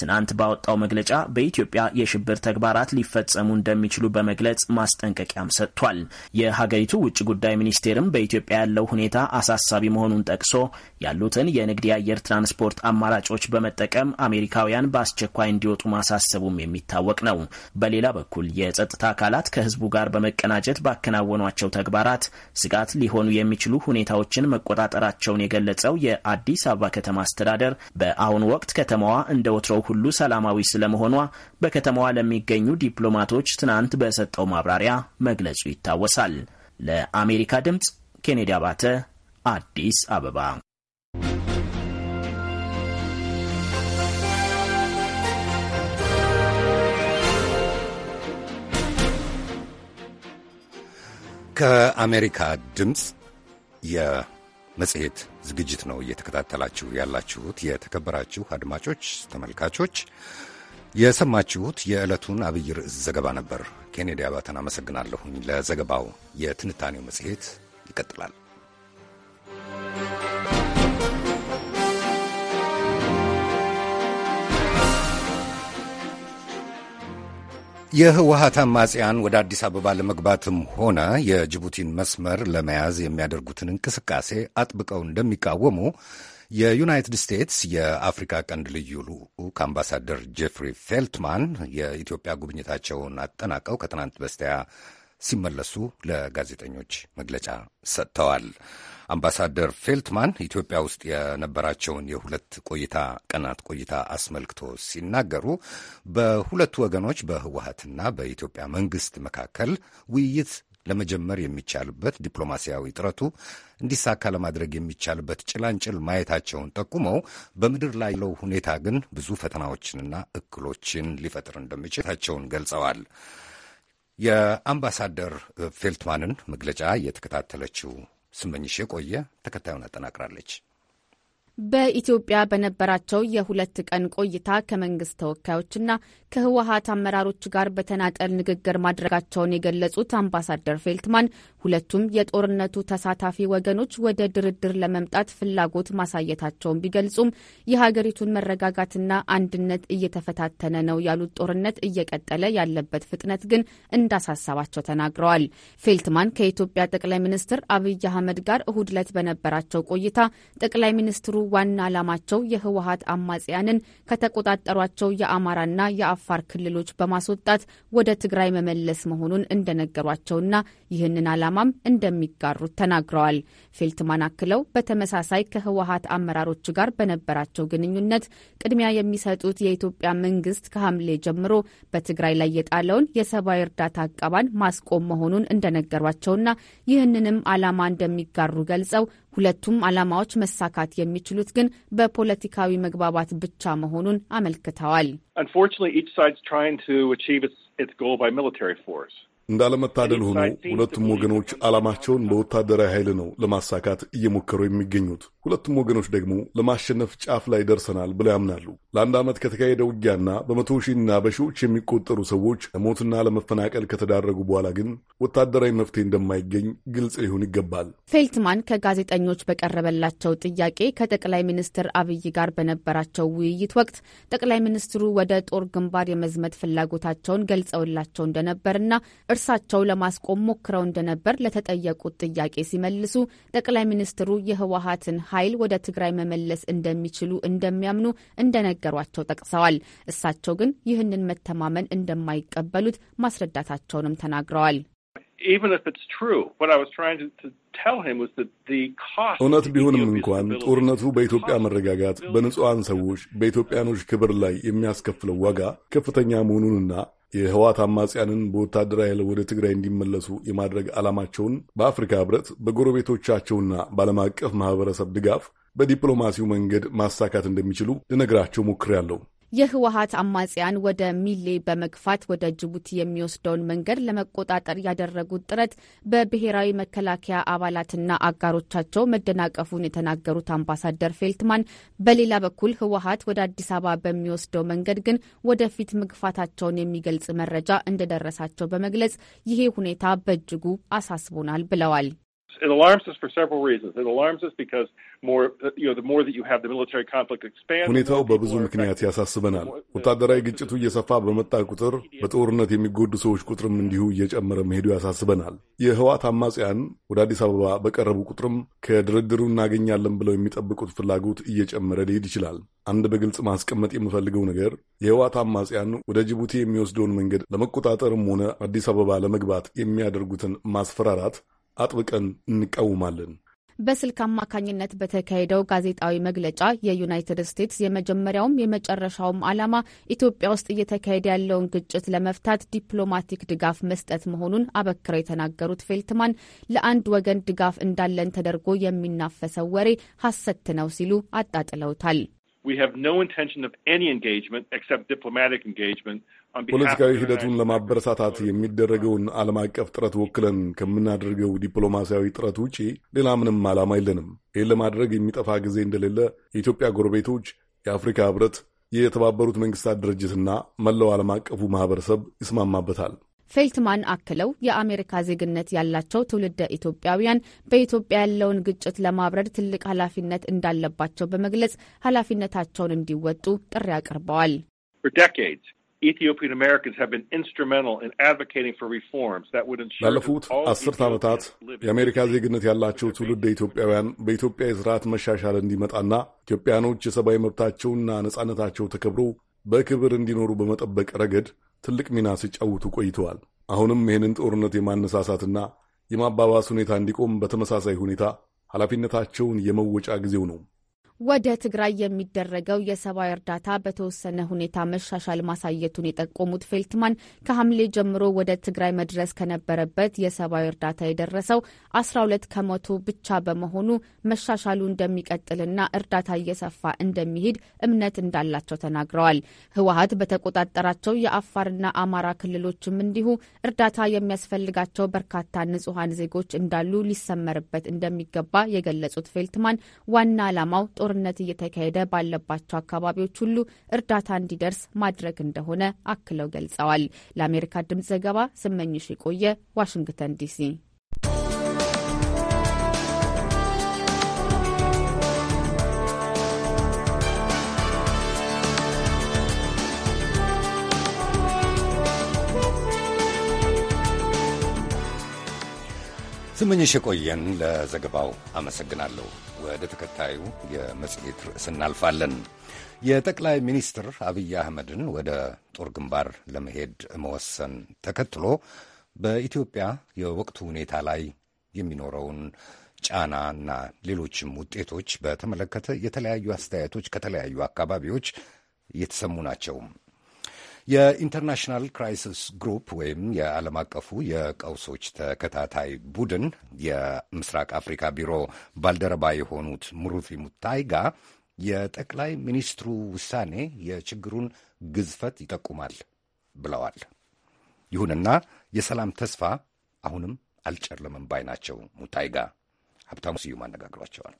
ትናንት ባወጣው መግለጫ በኢትዮጵያ የሽብር ተግባራት ሊፈጸሙ እንደሚችሉ በመግለጽ ማስጠንቀቂያም ሰጥቷል። የሀገሪቱ ውጭ ጉዳይ ሚኒስቴርም በኢትዮጵያ ያለው ሁኔታ አሳሳቢ መሆኑን ጠቅሶ ያሉትን የንግድ የአየር ትራንስፖርት አማራጮች በመጠቀም አሜሪካውያን በአስቸኳይ እንዲወጡ ማሳሰቡም የሚታወቅ ነው። በሌላ በኩል የጸጥታ አካላት ከህዝቡ ጋር በመቀናጀት ባከናወኗቸው ተግባራት ስጋት ሊሆኑ የሚ የሚችሉ ሁኔታዎችን መቆጣጠራቸውን የገለጸው የአዲስ አበባ ከተማ አስተዳደር በአሁኑ ወቅት ከተማዋ እንደ ወትሮው ሁሉ ሰላማዊ ስለመሆኗ በከተማዋ ለሚገኙ ዲፕሎማቶች ትናንት በሰጠው ማብራሪያ መግለጹ ይታወሳል። ለአሜሪካ ድምፅ ኬኔዲ አባተ አዲስ አበባ። ከአሜሪካ ድምፅ የመጽሔት ዝግጅት ነው እየተከታተላችሁ ያላችሁት። የተከበራችሁ አድማጮች፣ ተመልካቾች የሰማችሁት የዕለቱን አብይ ርዕስ ዘገባ ነበር። ኬኔዲ አባተን አመሰግናለሁኝ ለዘገባው። የትንታኔው መጽሔት ይቀጥላል። የህወሀት አማጽያን ወደ አዲስ አበባ ለመግባትም ሆነ የጅቡቲን መስመር ለመያዝ የሚያደርጉትን እንቅስቃሴ አጥብቀው እንደሚቃወሙ የዩናይትድ ስቴትስ የአፍሪካ ቀንድ ልዩ ልዑክ አምባሳደር ጄፍሪ ፌልትማን የኢትዮጵያ ጉብኝታቸውን አጠናቀው ከትናንት በስቲያ ሲመለሱ ለጋዜጠኞች መግለጫ ሰጥተዋል። አምባሳደር ፌልትማን ኢትዮጵያ ውስጥ የነበራቸውን የሁለት ቆይታ ቀናት ቆይታ አስመልክቶ ሲናገሩ በሁለቱ ወገኖች በህወሀትና በኢትዮጵያ መንግስት መካከል ውይይት ለመጀመር የሚቻልበት ዲፕሎማሲያዊ ጥረቱ እንዲሳካ ለማድረግ የሚቻልበት ጭላንጭል ማየታቸውን ጠቁመው በምድር ላይ ያለው ሁኔታ ግን ብዙ ፈተናዎችንና እክሎችን ሊፈጥር እንደሚችላቸውን ገልጸዋል። የአምባሳደር ፌልትማንን መግለጫ የተከታተለችው ስመኝሽ የቆየ ተከታዩን አጠናቅራለች። በኢትዮጵያ በነበራቸው የሁለት ቀን ቆይታ ከመንግስት ተወካዮችና ከህወሀት አመራሮች ጋር በተናጠል ንግግር ማድረጋቸውን የገለጹት አምባሳደር ፌልትማን ሁለቱም የጦርነቱ ተሳታፊ ወገኖች ወደ ድርድር ለመምጣት ፍላጎት ማሳየታቸውን ቢገልጹም የሀገሪቱን መረጋጋትና አንድነት እየተፈታተነ ነው ያሉት ጦርነት እየቀጠለ ያለበት ፍጥነት ግን እንዳሳሰባቸው ተናግረዋል። ፌልትማን ከኢትዮጵያ ጠቅላይ ሚኒስትር አብይ አህመድ ጋር እሁድ ዕለት በነበራቸው ቆይታ ጠቅላይ ሚኒስትሩ ዋና ዓላማቸው የህወሀት አማጽያንን ከተቆጣጠሯቸው የአማራና የአፋር ክልሎች በማስወጣት ወደ ትግራይ መመለስ መሆኑን እንደነገሯቸውና ይህንን ዓላማም እንደሚጋሩት ተናግረዋል። ፌልትማን አክለው በተመሳሳይ ከህወሀት አመራሮች ጋር በነበራቸው ግንኙነት ቅድሚያ የሚሰጡት የኢትዮጵያ መንግስት ከሐምሌ ጀምሮ በትግራይ ላይ የጣለውን የሰብአዊ እርዳታ አቀባን ማስቆም መሆኑን እንደነገሯቸውና ይህንንም ዓላማ እንደሚጋሩ ገልጸው ሁለቱም ዓላማዎች መሳካት የሚችሉት ግን በፖለቲካዊ መግባባት ብቻ መሆኑን አመልክተዋል። እንዳለመታደል ሆኖ ሁለቱም ወገኖች ዓላማቸውን በወታደራዊ ኃይል ነው ለማሳካት እየሞከሩ የሚገኙት። ሁለቱም ወገኖች ደግሞ ለማሸነፍ ጫፍ ላይ ደርሰናል ብለው ያምናሉ። ለአንድ ዓመት ከተካሄደ ውጊያና በመቶ ሺህና በሺዎች የሚቆጠሩ ሰዎች ለሞትና ለመፈናቀል ከተዳረጉ በኋላ ግን ወታደራዊ መፍትሄ እንደማይገኝ ግልጽ ሊሆን ይገባል። ፌልትማን ከጋዜጠኞች በቀረበላቸው ጥያቄ ከጠቅላይ ሚኒስትር አብይ ጋር በነበራቸው ውይይት ወቅት ጠቅላይ ሚኒስትሩ ወደ ጦር ግንባር የመዝመት ፍላጎታቸውን ገልጸውላቸው እንደነበርና እርሳቸው ለማስቆም ሞክረው እንደነበር ለተጠየቁት ጥያቄ ሲመልሱ ጠቅላይ ሚኒስትሩ የህወሀትን ኃይል ወደ ትግራይ መመለስ እንደሚችሉ እንደሚያምኑ እንደነገሯቸው ጠቅሰዋል። እሳቸው ግን ይህንን መተማመን እንደማይቀበሉት ማስረዳታቸውንም ተናግረዋል። እውነት ቢሆንም እንኳን ጦርነቱ በኢትዮጵያ መረጋጋት፣ በንጹሐን ሰዎች፣ በኢትዮጵያኖች ክብር ላይ የሚያስከፍለው ዋጋ ከፍተኛ መሆኑንና የህዋት አማጽያንን በወታደራዊ ኃይል ወደ ትግራይ እንዲመለሱ የማድረግ ዓላማቸውን በአፍሪካ ህብረት በጎረቤቶቻቸውና በዓለም አቀፍ ማህበረሰብ ድጋፍ በዲፕሎማሲው መንገድ ማሳካት እንደሚችሉ ልነግራቸው ሞክሬያለሁ። የህወሀት አማጽያን ወደ ሚሌ በመግፋት ወደ ጅቡቲ የሚወስደውን መንገድ ለመቆጣጠር ያደረጉት ጥረት በብሔራዊ መከላከያ አባላትና አጋሮቻቸው መደናቀፉን የተናገሩት አምባሳደር ፌልትማን በሌላ በኩል ህወሀት ወደ አዲስ አበባ በሚወስደው መንገድ ግን ወደፊት መግፋታቸውን የሚገልጽ መረጃ እንደደረሳቸው በመግለጽ ይሄ ሁኔታ በእጅጉ አሳስቦናል ብለዋል። it alarms us for several reasons. It alarms us because more, you know, the more that you have the military conflict expand. ሁኔታው በብዙ ምክንያት ያሳስበናል። ወታደራዊ ግጭቱ እየሰፋ በመጣ ቁጥር በጦርነት የሚጎዱ ሰዎች ቁጥርም እንዲሁ እየጨመረ መሄዱ ያሳስበናል። የህዋት አማጽያን ወደ አዲስ አበባ በቀረቡ ቁጥርም ከድርድሩ እናገኛለን ብለው የሚጠብቁት ፍላጎት እየጨመረ ሊሄድ ይችላል። አንድ በግልጽ ማስቀመጥ የምፈልገው ነገር የህዋት አማጽያን ወደ ጅቡቲ የሚወስደውን መንገድ ለመቆጣጠርም ሆነ አዲስ አበባ ለመግባት የሚያደርጉትን ማስፈራራት አጥብቀን እንቃወማለን። በስልክ አማካኝነት በተካሄደው ጋዜጣዊ መግለጫ የዩናይትድ ስቴትስ የመጀመሪያውም የመጨረሻውም ዓላማ ኢትዮጵያ ውስጥ እየተካሄደ ያለውን ግጭት ለመፍታት ዲፕሎማቲክ ድጋፍ መስጠት መሆኑን አበክረው የተናገሩት ፌልትማን ለአንድ ወገን ድጋፍ እንዳለን ተደርጎ የሚናፈሰው ወሬ ሐሰት ነው ሲሉ አጣጥለውታል። ፖለቲካዊ ሂደቱን ለማበረታታት የሚደረገውን ዓለም አቀፍ ጥረት ወክለን ከምናደርገው ዲፕሎማሲያዊ ጥረት ውጪ ሌላ ምንም ዓላማ የለንም። ይህን ለማድረግ የሚጠፋ ጊዜ እንደሌለ የኢትዮጵያ ጎረቤቶች፣ የአፍሪካ ህብረት፣ የተባበሩት መንግስታት ድርጅትና መላው ዓለም አቀፉ ማህበረሰብ ይስማማበታል። ፌልትማን አክለው የአሜሪካ ዜግነት ያላቸው ትውልደ ኢትዮጵያውያን በኢትዮጵያ ያለውን ግጭት ለማብረድ ትልቅ ኃላፊነት እንዳለባቸው በመግለጽ ኃላፊነታቸውን እንዲወጡ ጥሪ አቅርበዋል። ላለፉት አስርት ዓመታት የአሜሪካ ዜግነት ያላቸው ትውልደ ኢትዮጵያውያን በኢትዮጵያ የስርዓት መሻሻል እንዲመጣና ኢትዮጵያኖች የሰብአዊ መብታቸውና ነጻነታቸው ተከብሮ በክብር እንዲኖሩ በመጠበቅ ረገድ ትልቅ ሚና ሲጫወቱ ቆይተዋል። አሁንም ይህንን ጦርነት የማነሳሳትና የማባባስ ሁኔታ እንዲቆም በተመሳሳይ ሁኔታ ኃላፊነታቸውን የመወጫ ጊዜው ነው። ወደ ትግራይ የሚደረገው የሰብአዊ እርዳታ በተወሰነ ሁኔታ መሻሻል ማሳየቱን የጠቆሙት ፌልትማን ከሐምሌ ጀምሮ ወደ ትግራይ መድረስ ከነበረበት የሰብአዊ እርዳታ የደረሰው 12 ከመቶ ብቻ በመሆኑ መሻሻሉ እንደሚቀጥልና እርዳታ እየሰፋ እንደሚሄድ እምነት እንዳላቸው ተናግረዋል። ህወሀት በተቆጣጠራቸው የአፋርና አማራ ክልሎችም እንዲሁ እርዳታ የሚያስፈልጋቸው በርካታ ንጹሐን ዜጎች እንዳሉ ሊሰመርበት እንደሚገባ የገለጹት ፌልትማን ዋና ዓላማው ጦር ጦርነት እየተካሄደ ባለባቸው አካባቢዎች ሁሉ እርዳታ እንዲደርስ ማድረግ እንደሆነ አክለው ገልጸዋል። ለአሜሪካ ድምፅ ዘገባ ስመኝሽ የቆየ ዋሽንግተን ዲሲ ስምኝሽ የቆየን ለዘገባው አመሰግናለሁ። ወደ ተከታዩ የመጽሔት ርዕስ እናልፋለን። የጠቅላይ ሚኒስትር አብይ አህመድን ወደ ጦር ግንባር ለመሄድ መወሰን ተከትሎ በኢትዮጵያ የወቅቱ ሁኔታ ላይ የሚኖረውን ጫና እና ሌሎችም ውጤቶች በተመለከተ የተለያዩ አስተያየቶች ከተለያዩ አካባቢዎች እየተሰሙ ናቸው። የኢንተርናሽናል ክራይሲስ ግሩፕ ወይም የዓለም አቀፉ የቀውሶች ተከታታይ ቡድን የምስራቅ አፍሪካ ቢሮ ባልደረባ የሆኑት ሙሩፊ ሙታይጋ የጠቅላይ ሚኒስትሩ ውሳኔ የችግሩን ግዝፈት ይጠቁማል ብለዋል። ይሁንና የሰላም ተስፋ አሁንም አልጨለመም ባይ ናቸው። ሙታይጋ ሀብታሙ ስዩም አነጋግሯቸዋል።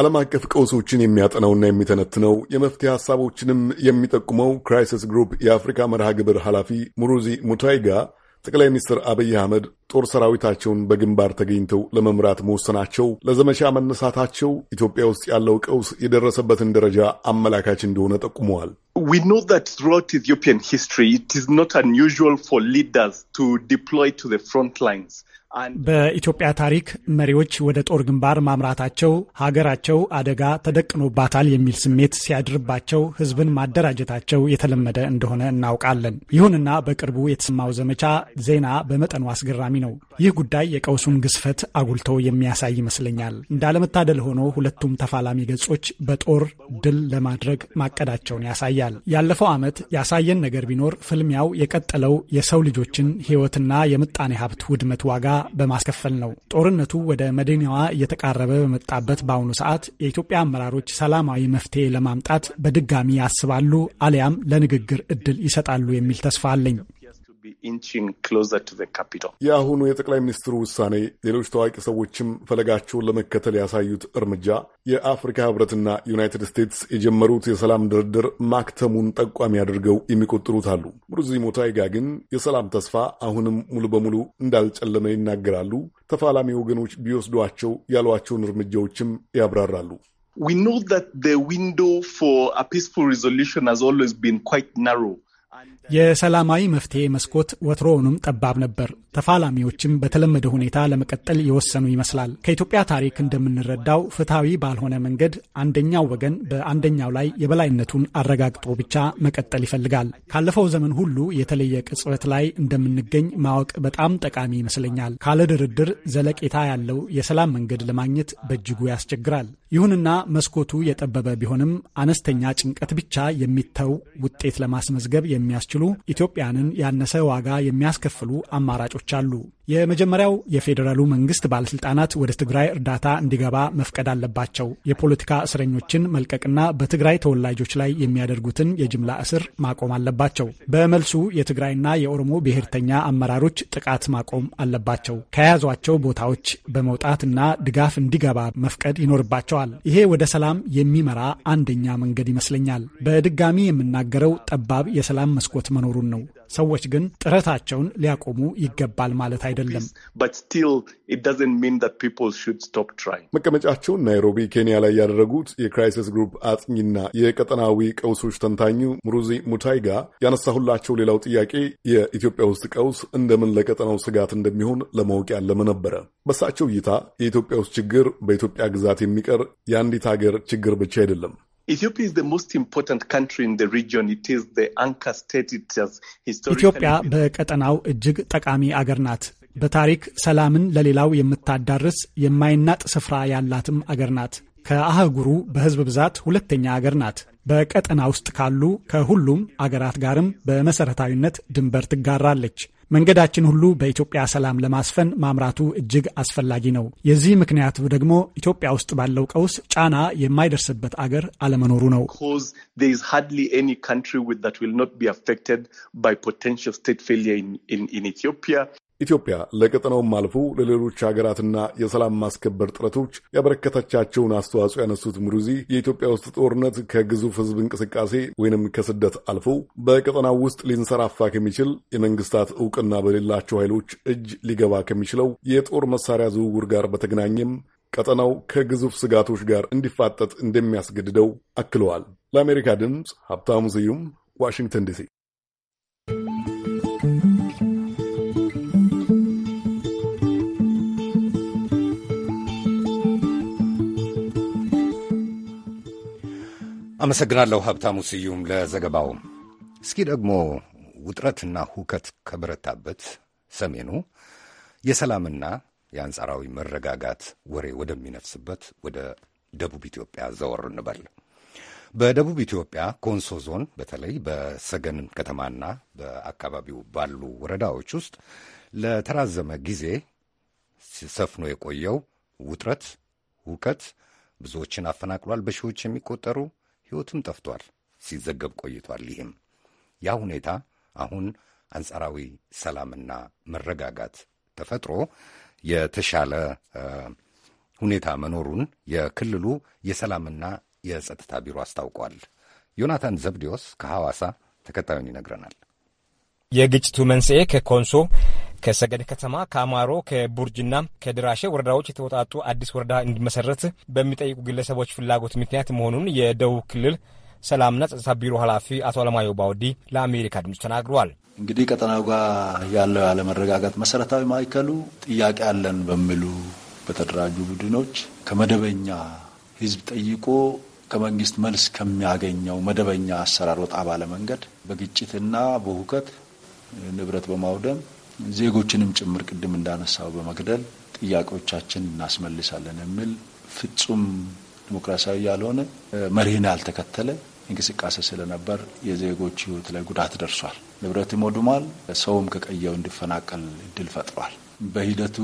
ዓለም አቀፍ ቀውሶችን የሚያጠናውና የሚተነትነው የመፍትሄ ሀሳቦችንም የሚጠቁመው ክራይሲስ ግሩፕ የአፍሪካ መርሃ ግብር ኃላፊ ሙሩዚ ሙታይጋ ጠቅላይ ሚኒስትር አብይ አህመድ ጦር ሰራዊታቸውን በግንባር ተገኝተው ለመምራት መወሰናቸው ለዘመቻ መነሳታቸው ኢትዮጵያ ውስጥ ያለው ቀውስ የደረሰበትን ደረጃ አመላካች እንደሆነ ጠቁመዋል። We know that throughout Ethiopian history it is not በኢትዮጵያ ታሪክ መሪዎች ወደ ጦር ግንባር ማምራታቸው ሀገራቸው አደጋ ተደቅኖባታል የሚል ስሜት ሲያድርባቸው ሕዝብን ማደራጀታቸው የተለመደ እንደሆነ እናውቃለን። ይሁንና በቅርቡ የተሰማው ዘመቻ ዜና በመጠኑ አስገራሚ ነው። ይህ ጉዳይ የቀውሱን ግዝፈት አጉልቶ የሚያሳይ ይመስለኛል። እንዳለመታደል ሆኖ ሁለቱም ተፋላሚ ገጾች በጦር ድል ለማድረግ ማቀዳቸውን ያሳያል። ያለፈው ዓመት ያሳየን ነገር ቢኖር ፍልሚያው የቀጠለው የሰው ልጆችን ሕይወትና የምጣኔ ሀብት ውድመት ዋጋ በማስከፈል ነው። ጦርነቱ ወደ መዲናዋ እየተቃረበ በመጣበት በአሁኑ ሰዓት የኢትዮጵያ አመራሮች ሰላማዊ መፍትሄ ለማምጣት በድጋሚ ያስባሉ አሊያም ለንግግር እድል ይሰጣሉ የሚል ተስፋ አለኝ። የአሁኑ የጠቅላይ ሚኒስትሩ ውሳኔ ሌሎች ታዋቂ ሰዎችም ፈለጋቸውን ለመከተል ያሳዩት እርምጃ የአፍሪካ ህብረትና ዩናይትድ ስቴትስ የጀመሩት የሰላም ድርድር ማክተሙን ጠቋሚ አድርገው የሚቆጥሩት አሉ። ብሩዚ ሞታይጋ ግን የሰላም ተስፋ አሁንም ሙሉ በሙሉ እንዳልጨለመ ይናገራሉ። ተፋላሚ ወገኖች ቢወስዷቸው ያሏቸውን እርምጃዎችም ያብራራሉ። We know that the window for a peaceful resolution has always been quite narrow. የሰላማዊ መፍትሄ መስኮት ወትሮውንም ጠባብ ነበር። ተፋላሚዎችም በተለመደ ሁኔታ ለመቀጠል የወሰኑ ይመስላል። ከኢትዮጵያ ታሪክ እንደምንረዳው ፍትሐዊ ባልሆነ መንገድ አንደኛው ወገን በአንደኛው ላይ የበላይነቱን አረጋግጦ ብቻ መቀጠል ይፈልጋል። ካለፈው ዘመን ሁሉ የተለየ ቅጽበት ላይ እንደምንገኝ ማወቅ በጣም ጠቃሚ ይመስለኛል። ካለ ድርድር ዘለቄታ ያለው የሰላም መንገድ ለማግኘት በእጅጉ ያስቸግራል። ይሁንና መስኮቱ የጠበበ ቢሆንም አነስተኛ ጭንቀት ብቻ የሚተው ውጤት ለማስመዝገብ የሚያስችሉ የሚችሉ ኢትዮጵያንን ያነሰ ዋጋ የሚያስከፍሉ አማራጮች አሉ። የመጀመሪያው የፌዴራሉ መንግስት ባለስልጣናት ወደ ትግራይ እርዳታ እንዲገባ መፍቀድ አለባቸው። የፖለቲካ እስረኞችን መልቀቅና በትግራይ ተወላጆች ላይ የሚያደርጉትን የጅምላ እስር ማቆም አለባቸው። በመልሱ የትግራይና የኦሮሞ ብሔርተኛ አመራሮች ጥቃት ማቆም አለባቸው። ከያዟቸው ቦታዎች በመውጣትና ድጋፍ እንዲገባ መፍቀድ ይኖርባቸዋል። ይሄ ወደ ሰላም የሚመራ አንደኛ መንገድ ይመስለኛል። በድጋሚ የምናገረው ጠባብ የሰላም መስኮት ስጋት መኖሩን ነው። ሰዎች ግን ጥረታቸውን ሊያቆሙ ይገባል ማለት አይደለም። መቀመጫቸውን ናይሮቢ ኬንያ ላይ ያደረጉት የክራይሲስ ግሩፕ አጥኚና የቀጠናዊ ቀውሶች ተንታኙ ሙሩዚ ሙታይጋ ያነሳሁላቸው ሌላው ጥያቄ የኢትዮጵያ ውስጥ ቀውስ እንደምን ለቀጠናው ስጋት እንደሚሆን ለማወቅ ያለመ ነበረ። በእሳቸው እይታ የኢትዮጵያ ውስጥ ችግር በኢትዮጵያ ግዛት የሚቀር የአንዲት ሀገር ችግር ብቻ አይደለም። ኢትዮጵያ በቀጠናው እጅግ ጠቃሚ አገር ናት። በታሪክ ሰላምን ለሌላው የምታዳርስ የማይናጥ ስፍራ ያላትም አገር ናት። ከአህጉሩ በህዝብ ብዛት ሁለተኛ አገር ናት። በቀጠና ውስጥ ካሉ ከሁሉም አገራት ጋርም በመሰረታዊነት ድንበር ትጋራለች። መንገዳችን ሁሉ በኢትዮጵያ ሰላም ለማስፈን ማምራቱ እጅግ አስፈላጊ ነው። የዚህ ምክንያቱ ደግሞ ኢትዮጵያ ውስጥ ባለው ቀውስ ጫና የማይደርስበት አገር አለመኖሩ ነው። ኢትዮጵያ ለቀጠናውም አልፎ ለሌሎች ሀገራትና የሰላም ማስከበር ጥረቶች ያበረከተቻቸውን አስተዋጽኦ ያነሱት ምሩዚ የኢትዮጵያ ውስጥ ጦርነት ከግዙፍ ሕዝብ እንቅስቃሴ ወይንም ከስደት አልፎ በቀጠናው ውስጥ ሊንሰራፋ ከሚችል የመንግስታት እውቅና በሌላቸው ኃይሎች እጅ ሊገባ ከሚችለው የጦር መሳሪያ ዝውውር ጋር በተገናኘም ቀጠናው ከግዙፍ ስጋቶች ጋር እንዲፋጠጥ እንደሚያስገድደው አክለዋል። ለአሜሪካ ድምፅ ሀብታሙ ስዩም ዋሽንግተን ዲሲ አመሰግናለሁ ሀብታሙ ስዩም ለዘገባው። እስኪ ደግሞ ውጥረትና ሁከት ከበረታበት ሰሜኑ የሰላምና የአንጻራዊ መረጋጋት ወሬ ወደሚነፍስበት ወደ ደቡብ ኢትዮጵያ ዘወር እንበል። በደቡብ ኢትዮጵያ ኮንሶ ዞን በተለይ በሰገን ከተማና በአካባቢው ባሉ ወረዳዎች ውስጥ ለተራዘመ ጊዜ ሰፍኖ የቆየው ውጥረት፣ ሁከት ብዙዎችን አፈናቅሏል። በሺዎች የሚቆጠሩ ሕይወትም ጠፍቷል። ሲዘገብ ቆይቷል። ይህም ያ ሁኔታ አሁን አንጻራዊ ሰላምና መረጋጋት ተፈጥሮ የተሻለ ሁኔታ መኖሩን የክልሉ የሰላምና የጸጥታ ቢሮ አስታውቋል። ዮናታን ዘብዲዎስ ከሐዋሳ ተከታዩን ይነግረናል። የግጭቱ መንስኤ ከኮንሶ ከሰገድ ከተማ፣ ከአማሮ፣ ከቡርጅና ከድራሼ ወረዳዎች የተወጣጡ አዲስ ወረዳ እንዲመሰረት በሚጠይቁ ግለሰቦች ፍላጎት ምክንያት መሆኑን የደቡብ ክልል ሰላምና ጸጥታ ቢሮ ኃላፊ አቶ አለማየሁ ባውዲ ለአሜሪካ ድምፅ ተናግረዋል። እንግዲህ ቀጠናው ጋር ያለው ያለመረጋጋት መሰረታዊ ማዕከሉ ጥያቄ አለን በሚሉ በተደራጁ ቡድኖች ከመደበኛ ህዝብ ጠይቆ ከመንግስት መልስ ከሚያገኘው መደበኛ አሰራር ወጣ ባለ መንገድ በግጭትና በሁከት ንብረት በማውደም ዜጎችንም ጭምር ቅድም እንዳነሳው በመግደል ጥያቄዎቻችን እናስመልሳለን የሚል ፍጹም ዲሞክራሲያዊ ያልሆነ መርህን ያልተከተለ እንቅስቃሴ ስለነበር የዜጎች ህይወት ላይ ጉዳት ደርሷል። ንብረትም ወድሟል። ሰውም ከቀየው እንዲፈናቀል እድል ፈጥሯል። በሂደቱ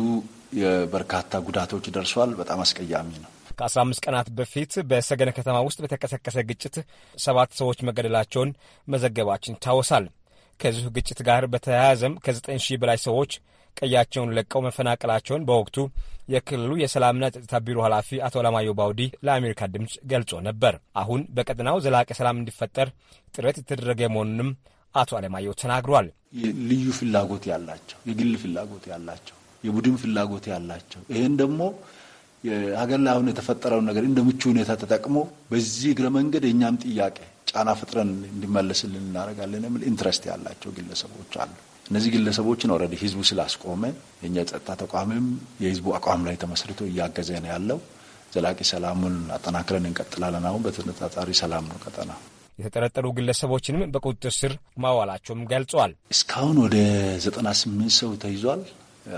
የበርካታ ጉዳቶች ደርሷል። በጣም አስቀያሚ ነው። ከ15 ቀናት በፊት በሰገነ ከተማ ውስጥ በተቀሰቀሰ ግጭት ሰባት ሰዎች መገደላቸውን መዘገባችን ይታወሳል። ከዚሁ ግጭት ጋር በተያያዘም ከዘጠኝ ሺህ በላይ ሰዎች ቀያቸውን ለቀው መፈናቀላቸውን በወቅቱ የክልሉ የሰላምና ጸጥታ ቢሮ ኃላፊ አቶ አለማየሁ ባውዲ ለአሜሪካ ድምፅ ገልጾ ነበር። አሁን በቀጠናው ዘላቂ ሰላም እንዲፈጠር ጥረት የተደረገ መሆኑንም አቶ አለማየሁ ተናግሯል። ልዩ ፍላጎት ያላቸው፣ የግል ፍላጎት ያላቸው፣ የቡድን ፍላጎት ያላቸው ይህን ደግሞ ሀገር ላይ አሁን የተፈጠረውን ነገር እንደ ምቹ ሁኔታ ተጠቅሞ በዚህ እግረ መንገድ የእኛም ጥያቄ ጫና ፈጥረን እንዲመለስልን እናደርጋለን የሚል ኢንትረስት ያላቸው ግለሰቦች አሉ። እነዚህ ግለሰቦችን ኦልሬዲ ህዝቡ ስላስቆመ የኛ የጸጥታ ተቋምም የህዝቡ አቋም ላይ ተመስርቶ እያገዘ ነው ያለው። ዘላቂ ሰላሙን አጠናክረን እንቀጥላለን። አሁን በተነጣጣሪ ሰላም ነው ቀጠና። የተጠረጠሩ ግለሰቦችንም በቁጥጥር ስር ማዋላቸውም ገልጿል። እስካሁን ወደ ዘጠና ስምንት ሰው ተይዟል።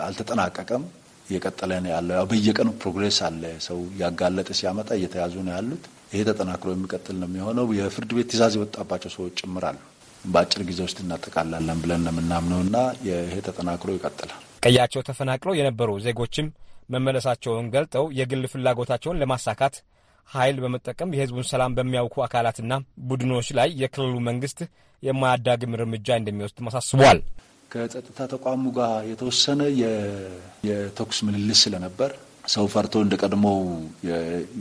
አልተጠናቀቀም፣ እየቀጠለ ነው ያለው። በየቀኑ ፕሮግሬስ አለ። ሰው እያጋለጠ ሲያመጣ እየተያዙ ነው ያሉት። ይሄ ተጠናክሮ የሚቀጥል ነው የሚሆነው። የፍርድ ቤት ትዕዛዝ የወጣባቸው ሰዎች ጭምር አሉ። በአጭር ጊዜ ውስጥ እናጠቃላለን ብለን ነው የምናምነውና ይሄ ተጠናክሮ ይቀጥላል። ቀያቸው ተፈናቅለው የነበሩ ዜጎችም መመለሳቸውን ገልጠው የግል ፍላጎታቸውን ለማሳካት ኃይል በመጠቀም የህዝቡን ሰላም በሚያውኩ አካላትና ቡድኖች ላይ የክልሉ መንግስት የማያዳግም እርምጃ እንደሚወስድ ማሳስቧል። ከጸጥታ ተቋሙ ጋር የተወሰነ የተኩስ ምልልስ ስለነበር ሰው ፈርቶ እንደ ቀድሞው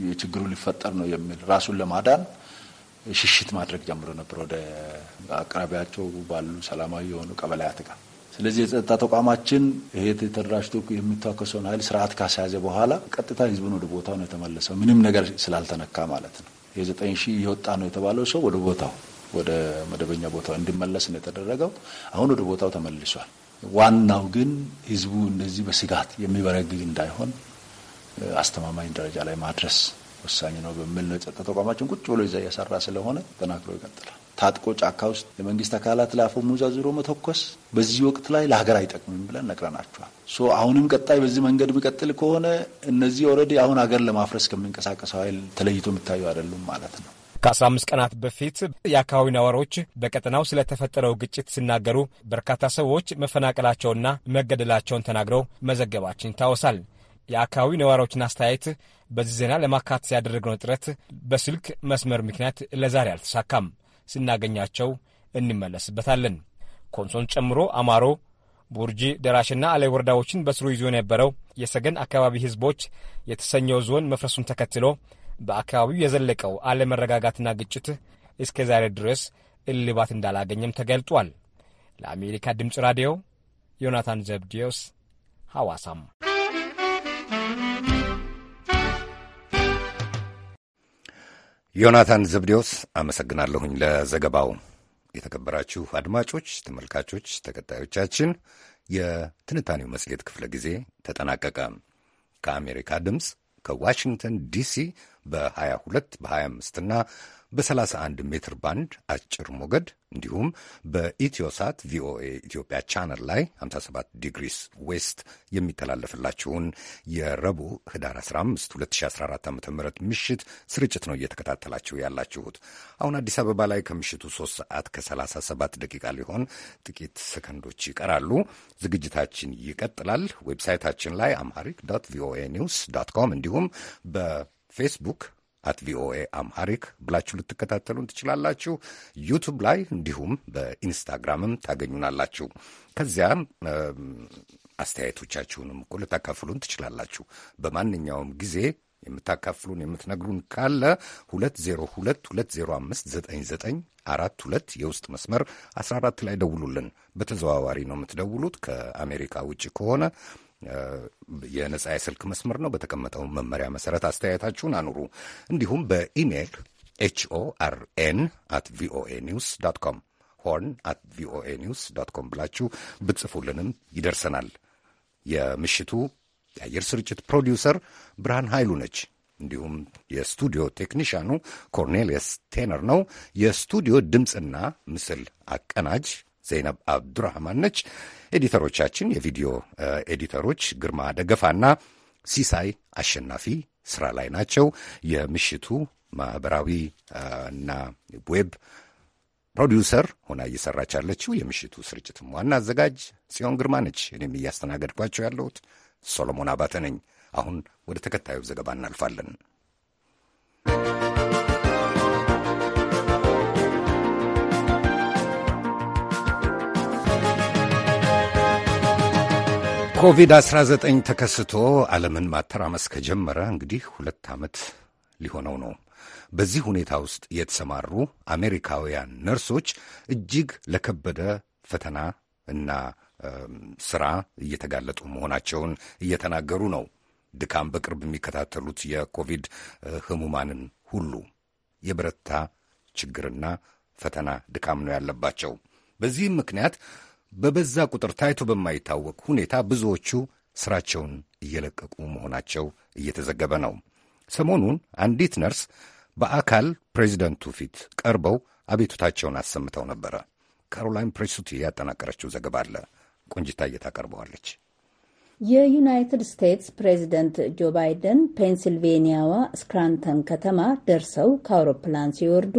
የችግሩ ሊፈጠር ነው የሚል ራሱን ለማዳን ሽሽት ማድረግ ጀምሮ ነበር ወደ አቅራቢያቸው ባሉ ሰላማዊ የሆኑ ቀበሌያት ጋር። ስለዚህ የጸጥታ ተቋማችን ይሄ ተደራጅቶ የሚታከሰውን ኃይል ስርዓት ካስያዘ በኋላ ቀጥታ ህዝቡን ወደ ቦታው ነው የተመለሰው። ምንም ነገር ስላልተነካ ማለት ነው። የዘጠኝ ሺህ የወጣ ነው የተባለው ሰው ወደ ቦታው ወደ መደበኛ ቦታው እንዲመለስ ነው የተደረገው። አሁን ወደ ቦታው ተመልሷል። ዋናው ግን ህዝቡ እንደዚህ በስጋት የሚበረግግ እንዳይሆን አስተማማኝ ደረጃ ላይ ማድረስ ወሳኝ ነው በሚል ነው የጸጥታ ተቋማችን ቁጭ ብሎ ይዛ እየሰራ ስለሆነ ተጠናክሮ ይቀጥላል። ታጥቆ ጫካ ውስጥ የመንግስት አካላት ሙዛ ዝሮ መተኮስ በዚህ ወቅት ላይ ለሀገር አይጠቅምም ብለን ነግረናቸዋል። አሁንም ቀጣይ በዚህ መንገድ የሚቀጥል ከሆነ እነዚህ ኦልሬዲ አሁን ሀገር ለማፍረስ ከሚንቀሳቀሰው ኃይል ተለይቶ የሚታዩ አይደሉም ማለት ነው። ከ15 ቀናት በፊት የአካባቢ ነዋሪዎች በቀጠናው ስለተፈጠረው ግጭት ሲናገሩ በርካታ ሰዎች መፈናቀላቸውና መገደላቸውን ተናግረው መዘገባችን ይታወሳል። የአካባቢ ነዋሪዎችን አስተያየት በዚህ ዜና ለማካተት ያደረግነው ጥረት በስልክ መስመር ምክንያት ለዛሬ አልተሳካም። ስናገኛቸው እንመለስበታለን። ኮንሶን ጨምሮ አማሮ፣ ቡርጂ፣ ደራሽና አሌ ወረዳዎችን በስሩ ይዞ የነበረው የሰገን አካባቢ ህዝቦች የተሰኘው ዞን መፍረሱን ተከትሎ በአካባቢው የዘለቀው አለመረጋጋትና ግጭት እስከ ዛሬ ድረስ እልባት እንዳላገኘም ተገልጧል። ለአሜሪካ ድምፅ ራዲዮ ዮናታን ዘብዲዮስ ሐዋሳም ዮናታን ዘብዴዎስ አመሰግናለሁኝ ለዘገባው። የተከበራችሁ አድማጮች፣ ተመልካቾች፣ ተከታዮቻችን የትንታኔው መጽሔት ክፍለ ጊዜ ተጠናቀቀ። ከአሜሪካ ድምፅ ከዋሽንግተን ዲሲ በ22 በ25 እና በ31 ሜትር ባንድ አጭር ሞገድ እንዲሁም በኢትዮሳት ቪኦኤ ኢትዮጵያ ቻነል ላይ 57 ዲግሪስ ዌስት የሚተላለፍላችሁን የረቡዕ ህዳር 15 2014 ዓ ም ምሽት ስርጭት ነው እየተከታተላችሁ ያላችሁት። አሁን አዲስ አበባ ላይ ከምሽቱ 3 ሰዓት ከ37 ደቂቃ ሊሆን ጥቂት ሰከንዶች ይቀራሉ። ዝግጅታችን ይቀጥላል። ዌብሳይታችን ላይ አምሃሪክ ዶት ቪኦኤ ኒውስ ዶት ኮም እንዲሁም በፌስቡክ አት ቪኦኤ አምሃሪክ ብላችሁ ልትከታተሉን ትችላላችሁ። ዩቱብ ላይ እንዲሁም በኢንስታግራምም ታገኙናላችሁ። ከዚያም አስተያየቶቻችሁንም እኮ ልታካፍሉን ትችላላችሁ። በማንኛውም ጊዜ የምታካፍሉን የምትነግሩን ካለ 2022059942 የውስጥ መስመር 14 ላይ ደውሉልን። በተዘዋዋሪ ነው የምትደውሉት። ከአሜሪካ ውጭ ከሆነ የነጻ የስልክ መስመር ነው። በተቀመጠው መመሪያ መሰረት አስተያየታችሁን አኑሩ። እንዲሁም በኢሜይል ኤችኦአርኤን አት ቪኦኤ ኒውስ ዶት ኮም ሆርን አት ቪኦኤ ኒውስ ዶት ኮም ብላችሁ ብትጽፉልንም ይደርሰናል። የምሽቱ የአየር ስርጭት ፕሮዲውሰር ብርሃን ኃይሉ ነች። እንዲሁም የስቱዲዮ ቴክኒሽያኑ ኮርኔልየስ ቴነር ነው። የስቱዲዮ ድምፅና ምስል አቀናጅ ዘይነብ አብዱራህማን ነች። ኤዲተሮቻችን የቪዲዮ ኤዲተሮች ግርማ ደገፋና ሲሳይ አሸናፊ ስራ ላይ ናቸው። የምሽቱ ማህበራዊ እና ዌብ ፕሮዲውሰር ሆና እየሰራች ያለችው የምሽቱ ስርጭትም ዋና አዘጋጅ ጽዮን ግርማ ነች። እኔም እያስተናገድኳቸው ያለሁት ሶሎሞን አባተ ነኝ። አሁን ወደ ተከታዩ ዘገባ እናልፋለን። ኮቪድ-19 ተከስቶ ዓለምን ማተራመስ ከጀመረ እንግዲህ ሁለት ዓመት ሊሆነው ነው። በዚህ ሁኔታ ውስጥ የተሰማሩ አሜሪካውያን ነርሶች እጅግ ለከበደ ፈተና እና ስራ እየተጋለጡ መሆናቸውን እየተናገሩ ነው። ድካም በቅርብ የሚከታተሉት የኮቪድ ህሙማንን ሁሉ የበረታ ችግርና ፈተና ድካም ነው ያለባቸው። በዚህም ምክንያት በበዛ ቁጥር ታይቶ በማይታወቅ ሁኔታ ብዙዎቹ ስራቸውን እየለቀቁ መሆናቸው እየተዘገበ ነው። ሰሞኑን አንዲት ነርስ በአካል ፕሬዚደንቱ ፊት ቀርበው አቤቱታቸውን አሰምተው ነበረ። ካሮላይን ፕሬሱቲ ያጠናቀረችው ዘገባ አለ። ቆንጅታ እየታቀርበዋለች። የዩናይትድ ስቴትስ ፕሬዚደንት ጆ ባይደን ፔንስልቬንያዋ ስክራንተን ከተማ ደርሰው ከአውሮፕላን ሲወርዱ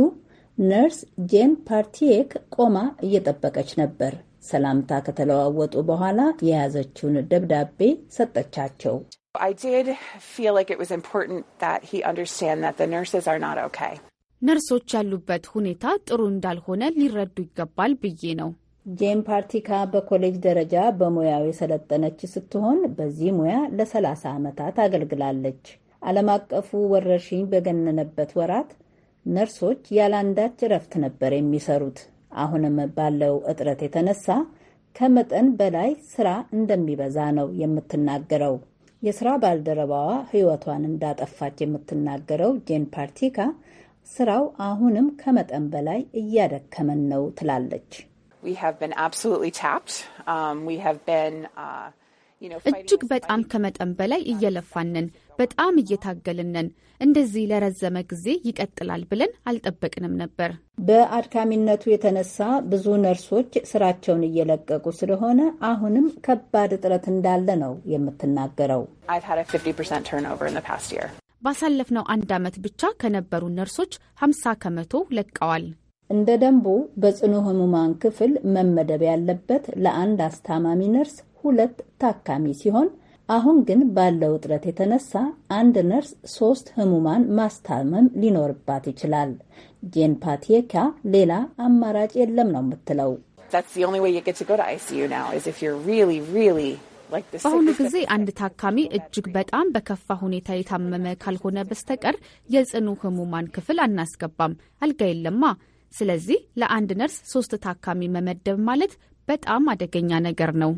ነርስ ጄን ፓርቲየክ ቆማ እየጠበቀች ነበር። ሰላምታ ከተለዋወጡ በኋላ የያዘችውን ደብዳቤ ሰጠቻቸው። ነርሶች ያሉበት ሁኔታ ጥሩ እንዳልሆነ ሊረዱ ይገባል ብዬ ነው። ጄም ፓርቲካ በኮሌጅ ደረጃ በሙያው የሰለጠነች ስትሆን በዚህ ሙያ ለሰላሳ ዓመታት አገልግላለች። ዓለም አቀፉ ወረርሽኝ በገነነበት ወራት ነርሶች ያለ አንዳች እረፍት ነበር የሚሰሩት። አሁንም ባለው እጥረት የተነሳ ከመጠን በላይ ስራ እንደሚበዛ ነው የምትናገረው። የስራ ባልደረባዋ ህይወቷን እንዳጠፋች የምትናገረው ጄን ፓርቲካ ስራው አሁንም ከመጠን በላይ እያደከመን ነው ትላለች። um, uh, እጅግ በጣም ከመጠን በላይ እየለፋንን በጣም እየታገልን ነን። እንደዚህ ለረዘመ ጊዜ ይቀጥላል ብለን አልጠበቅንም ነበር። በአድካሚነቱ የተነሳ ብዙ ነርሶች ስራቸውን እየለቀቁ ስለሆነ አሁንም ከባድ እጥረት እንዳለ ነው የምትናገረው። ባሳለፍነው አንድ ዓመት ብቻ ከነበሩ ነርሶች 50 ከመቶ ለቀዋል። እንደ ደንቡ በጽኑ ህሙማን ክፍል መመደብ ያለበት ለአንድ አስታማሚ ነርስ ሁለት ታካሚ ሲሆን አሁን ግን ባለው ውጥረት የተነሳ አንድ ነርስ ሶስት ህሙማን ማስታመም ሊኖርባት ይችላል። ጄን ፓቲካ ሌላ አማራጭ የለም ነው የምትለው። በአሁኑ ጊዜ አንድ ታካሚ እጅግ በጣም በከፋ ሁኔታ የታመመ ካልሆነ በስተቀር የጽኑ ህሙማን ክፍል አናስገባም። አልጋ የለማ። ስለዚህ ለአንድ ነርስ ሶስት ታካሚ መመደብ ማለት በጣም አደገኛ ነገር ነው።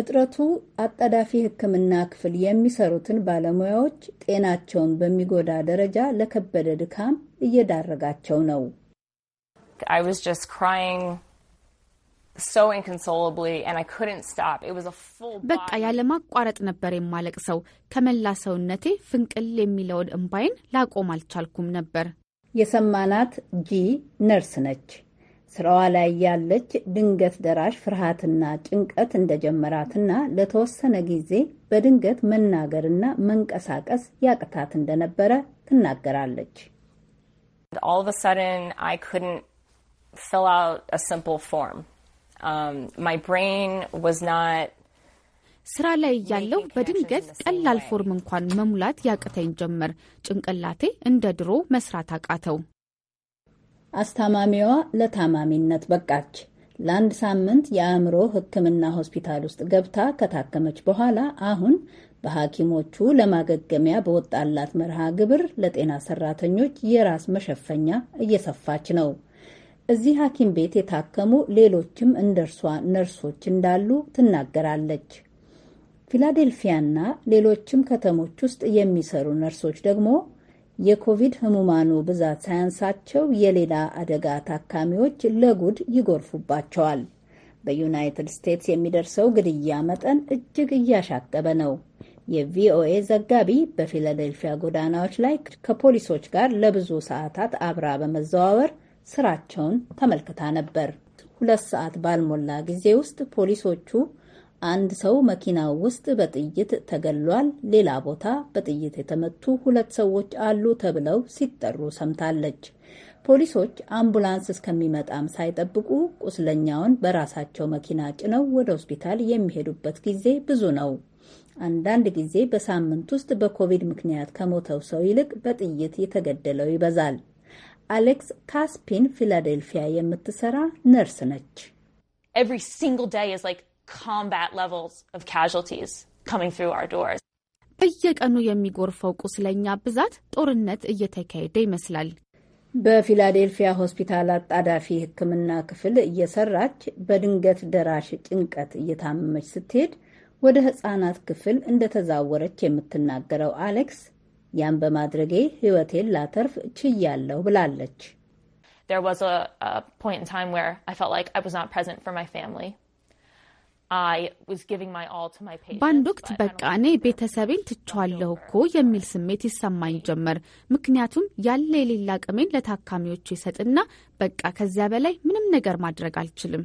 እጥረቱ አጣዳፊ ሕክምና ክፍል የሚሰሩትን ባለሙያዎች ጤናቸውን በሚጎዳ ደረጃ ለከበደ ድካም እየዳረጋቸው ነው። በቃ ያለማቋረጥ ነበር የማለቅ ሰው ከመላ ሰውነቴ ፍንቅል የሚለውን እምባይን ላቆም አልቻልኩም ነበር። የሰማናት ጂ ነርስ ነች። ስራዋ ላይ ያለች ድንገት ደራሽ ፍርሃትና ጭንቀት እንደጀመራትና ለተወሰነ ጊዜ በድንገት መናገርና መንቀሳቀስ ያቅታት እንደነበረ ትናገራለች። um, ስራ ላይ እያለሁ በድንገት ቀላል ፎርም እንኳን መሙላት ያቅተኝ ጀመር። ጭንቅላቴ እንደ ድሮ መስራት አቃተው። አስታማሚዋ ለታማሚነት በቃች። ለአንድ ሳምንት የአእምሮ ሕክምና ሆስፒታል ውስጥ ገብታ ከታከመች በኋላ አሁን በሐኪሞቹ ለማገገሚያ በወጣላት መርሃ ግብር ለጤና ሰራተኞች የራስ መሸፈኛ እየሰፋች ነው። እዚህ ሐኪም ቤት የታከሙ ሌሎችም እንደርሷ ነርሶች እንዳሉ ትናገራለች። ፊላዴልፊያና ሌሎችም ከተሞች ውስጥ የሚሰሩ ነርሶች ደግሞ የኮቪድ ህሙማኑ ብዛት ሳያንሳቸው የሌላ አደጋ ታካሚዎች ለጉድ ይጎርፉባቸዋል። በዩናይትድ ስቴትስ የሚደርሰው ግድያ መጠን እጅግ እያሻቀበ ነው። የቪኦኤ ዘጋቢ በፊላደልፊያ ጎዳናዎች ላይ ከፖሊሶች ጋር ለብዙ ሰዓታት አብራ በመዘዋወር ስራቸውን ተመልክታ ነበር። ሁለት ሰዓት ባልሞላ ጊዜ ውስጥ ፖሊሶቹ አንድ ሰው መኪናው ውስጥ በጥይት ተገሏል፣ ሌላ ቦታ በጥይት የተመቱ ሁለት ሰዎች አሉ ተብለው ሲጠሩ ሰምታለች። ፖሊሶች አምቡላንስ እስከሚመጣም ሳይጠብቁ ቁስለኛውን በራሳቸው መኪና ጭነው ወደ ሆስፒታል የሚሄዱበት ጊዜ ብዙ ነው። አንዳንድ ጊዜ በሳምንት ውስጥ በኮቪድ ምክንያት ከሞተው ሰው ይልቅ በጥይት የተገደለው ይበዛል። አሌክስ ካስፒን ፊላዴልፊያ የምትሰራ ነርስ ነች። combat levels of casualties coming through our doors. በየቀኑ የሚጎርፈው ቁስለኛ ብዛት ጦርነት እየተካሄደ ይመስላል። በፊላዴልፊያ ሆስፒታል አጣዳፊ ሕክምና ክፍል እየሰራች በድንገት ደራሽ ጭንቀት እየታመመች ስትሄድ ወደ ህጻናት ክፍል እንደተዛወረች የምትናገረው አሌክስ ያን በማድረጌ ህይወቴን ላተርፍ ችያለሁ ብላለች። There was a, a point in time where I felt like I was not present for my family. በአንድ ወቅት በቃ እኔ ቤተሰቤን ትቸዋለሁ እኮ የሚል ስሜት ይሰማኝ ጀመር። ምክንያቱም ያለ የሌላ አቅሜን ለታካሚዎቹ ይሰጥና በቃ ከዚያ በላይ ምንም ነገር ማድረግ አልችልም።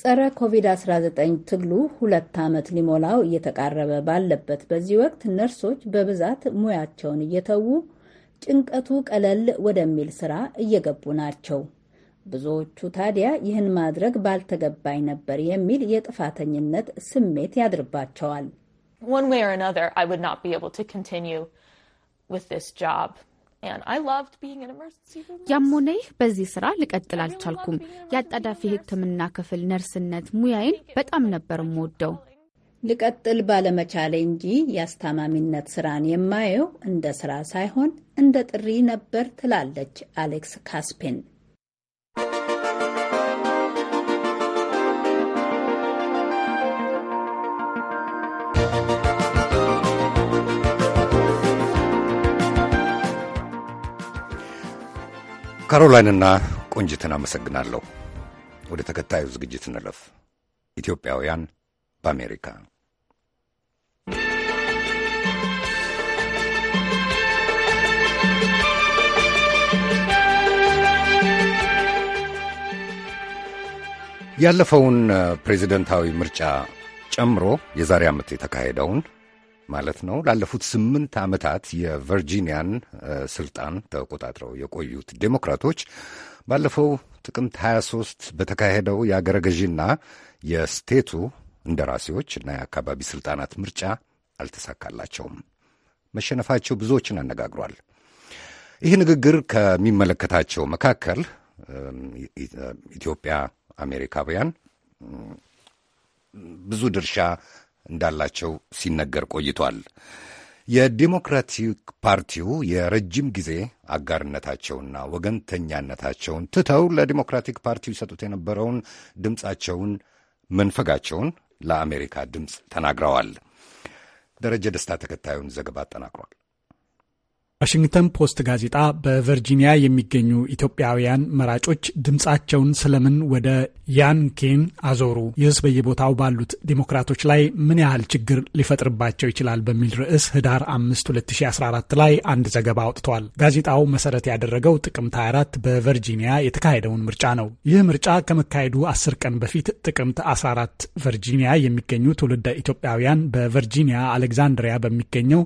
ጸረ ኮቪድ-19 ትግሉ ሁለት ዓመት ሊሞላው እየተቃረበ ባለበት በዚህ ወቅት ነርሶች በብዛት ሙያቸውን እየተዉ ጭንቀቱ ቀለል ወደሚል ስራ እየገቡ ናቸው። ብዙዎቹ ታዲያ ይህን ማድረግ ባልተገባኝ ነበር የሚል የጥፋተኝነት ስሜት ያድርባቸዋል። ያሞነ ይህ በዚህ ስራ ልቀጥል አልቻልኩም። የአጣዳፊ ሕክምና ክፍል ነርስነት ሙያዬን በጣም ነበር የምወደው። ልቀጥል ባለመቻሌ እንጂ የአስታማሚነት ስራን የማየው እንደ ስራ ሳይሆን እንደ ጥሪ ነበር ትላለች አሌክስ ካስፔን። ካሮላይንና ቆንጅትን አመሰግናለሁ። ወደ ተከታዩ ዝግጅት እንለፍ። ኢትዮጵያውያን በአሜሪካ ያለፈውን ፕሬዚደንታዊ ምርጫ ጨምሮ የዛሬ ዓመት የተካሄደውን ማለት ነው ላለፉት ስምንት ዓመታት የቨርጂኒያን ስልጣን ተቆጣጥረው የቆዩት ዴሞክራቶች ባለፈው ጥቅምት 23 በተካሄደው የአገረ ገዢና የስቴቱ እንደራሴዎች እና የአካባቢ ስልጣናት ምርጫ አልተሳካላቸውም። መሸነፋቸው ብዙዎችን አነጋግሯል። ይህ ንግግር ከሚመለከታቸው መካከል ኢትዮጵያ አሜሪካውያን ብዙ ድርሻ እንዳላቸው ሲነገር ቆይቷል። የዲሞክራቲክ ፓርቲው የረጅም ጊዜ አጋርነታቸውና ወገንተኛነታቸውን ትተው ለዲሞክራቲክ ፓርቲው ይሰጡት የነበረውን ድምፃቸውን መንፈጋቸውን ለአሜሪካ ድምፅ ተናግረዋል። ደረጀ ደስታ ተከታዩን ዘገባ አጠናቅሯል። ዋሽንግተን ፖስት ጋዜጣ በቨርጂኒያ የሚገኙ ኢትዮጵያውያን መራጮች ድምፃቸውን ስለምን ወደ ያንኬን አዞሩ? ይህስ በየቦታው ባሉት ዲሞክራቶች ላይ ምን ያህል ችግር ሊፈጥርባቸው ይችላል? በሚል ርዕስ ህዳር 5 2014 ላይ አንድ ዘገባ አውጥቷል። ጋዜጣው መሰረት ያደረገው ጥቅምት 24 በቨርጂኒያ የተካሄደውን ምርጫ ነው። ይህ ምርጫ ከመካሄዱ 10 ቀን በፊት ጥቅምት 14 ቨርጂኒያ የሚገኙ ትውልደ ኢትዮጵያውያን በቨርጂኒያ አሌግዛንድሪያ በሚገኘው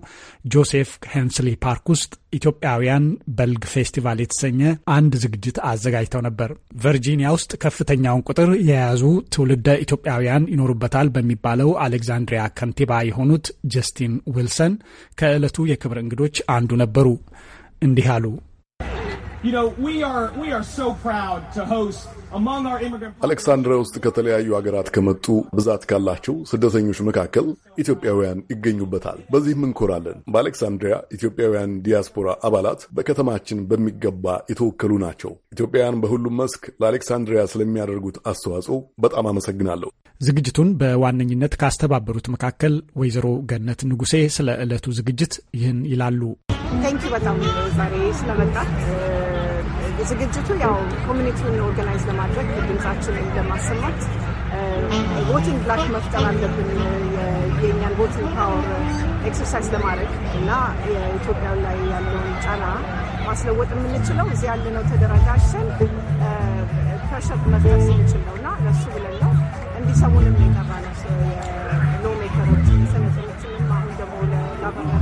ጆሴፍ ሄንስሊ ፓርክ ውስጥ ኢትዮጵያውያን በልግ ፌስቲቫል የተሰኘ አንድ ዝግጅት አዘጋጅተው ነበር። ቨርጂኒያ ውስጥ ከፍተኛውን ቁጥር የያዙ ትውልደ ኢትዮጵያውያን ይኖሩበታል በሚባለው አሌክዛንድሪያ ከንቲባ የሆኑት ጀስቲን ዊልሰን ከዕለቱ የክብር እንግዶች አንዱ ነበሩ። እንዲህ አሉ። አሌክሳንድሪያ ውስጥ ከተለያዩ ሀገራት ከመጡ ብዛት ካላቸው ስደተኞች መካከል ኢትዮጵያውያን ይገኙበታል። በዚህም እንኮራለን። በአሌክሳንድሪያ ኢትዮጵያውያን ዲያስፖራ አባላት በከተማችን በሚገባ የተወከሉ ናቸው። ኢትዮጵያውያን በሁሉም መስክ ለአሌክሳንድሪያ ስለሚያደርጉት አስተዋጽኦ በጣም አመሰግናለሁ። ዝግጅቱን በዋነኝነት ካስተባበሩት መካከል ወይዘሮ ገነት ንጉሴ ስለ ዕለቱ ዝግጅት ይህን ይላሉ። ታንኪ በጣም ዛሬ ስለመጣ ዝግጅቱ ያው ኮሚኒቲውን ኦርጋናይዝ ለማድረግ ድምፃችንን ለማሰማት ቮቲንግ ብላክ መፍጠር አለብን። የእኛን ቮቲንግ ፓወር ኤክሰርሳይዝ ለማድረግ እና የኢትዮጵያ ላይ ያለውን ጫና ማስለወጥ የምንችለው እዚህ ያለነው ተደራጃሽን ፕሬሸር መፍጠር ስንችል ነው እና ለሱ ብለን ነው እንዲሰሙን የጠራ ነው ሎሜከሮች ሰነተኞችንም አሁን ደግሞ ለባባ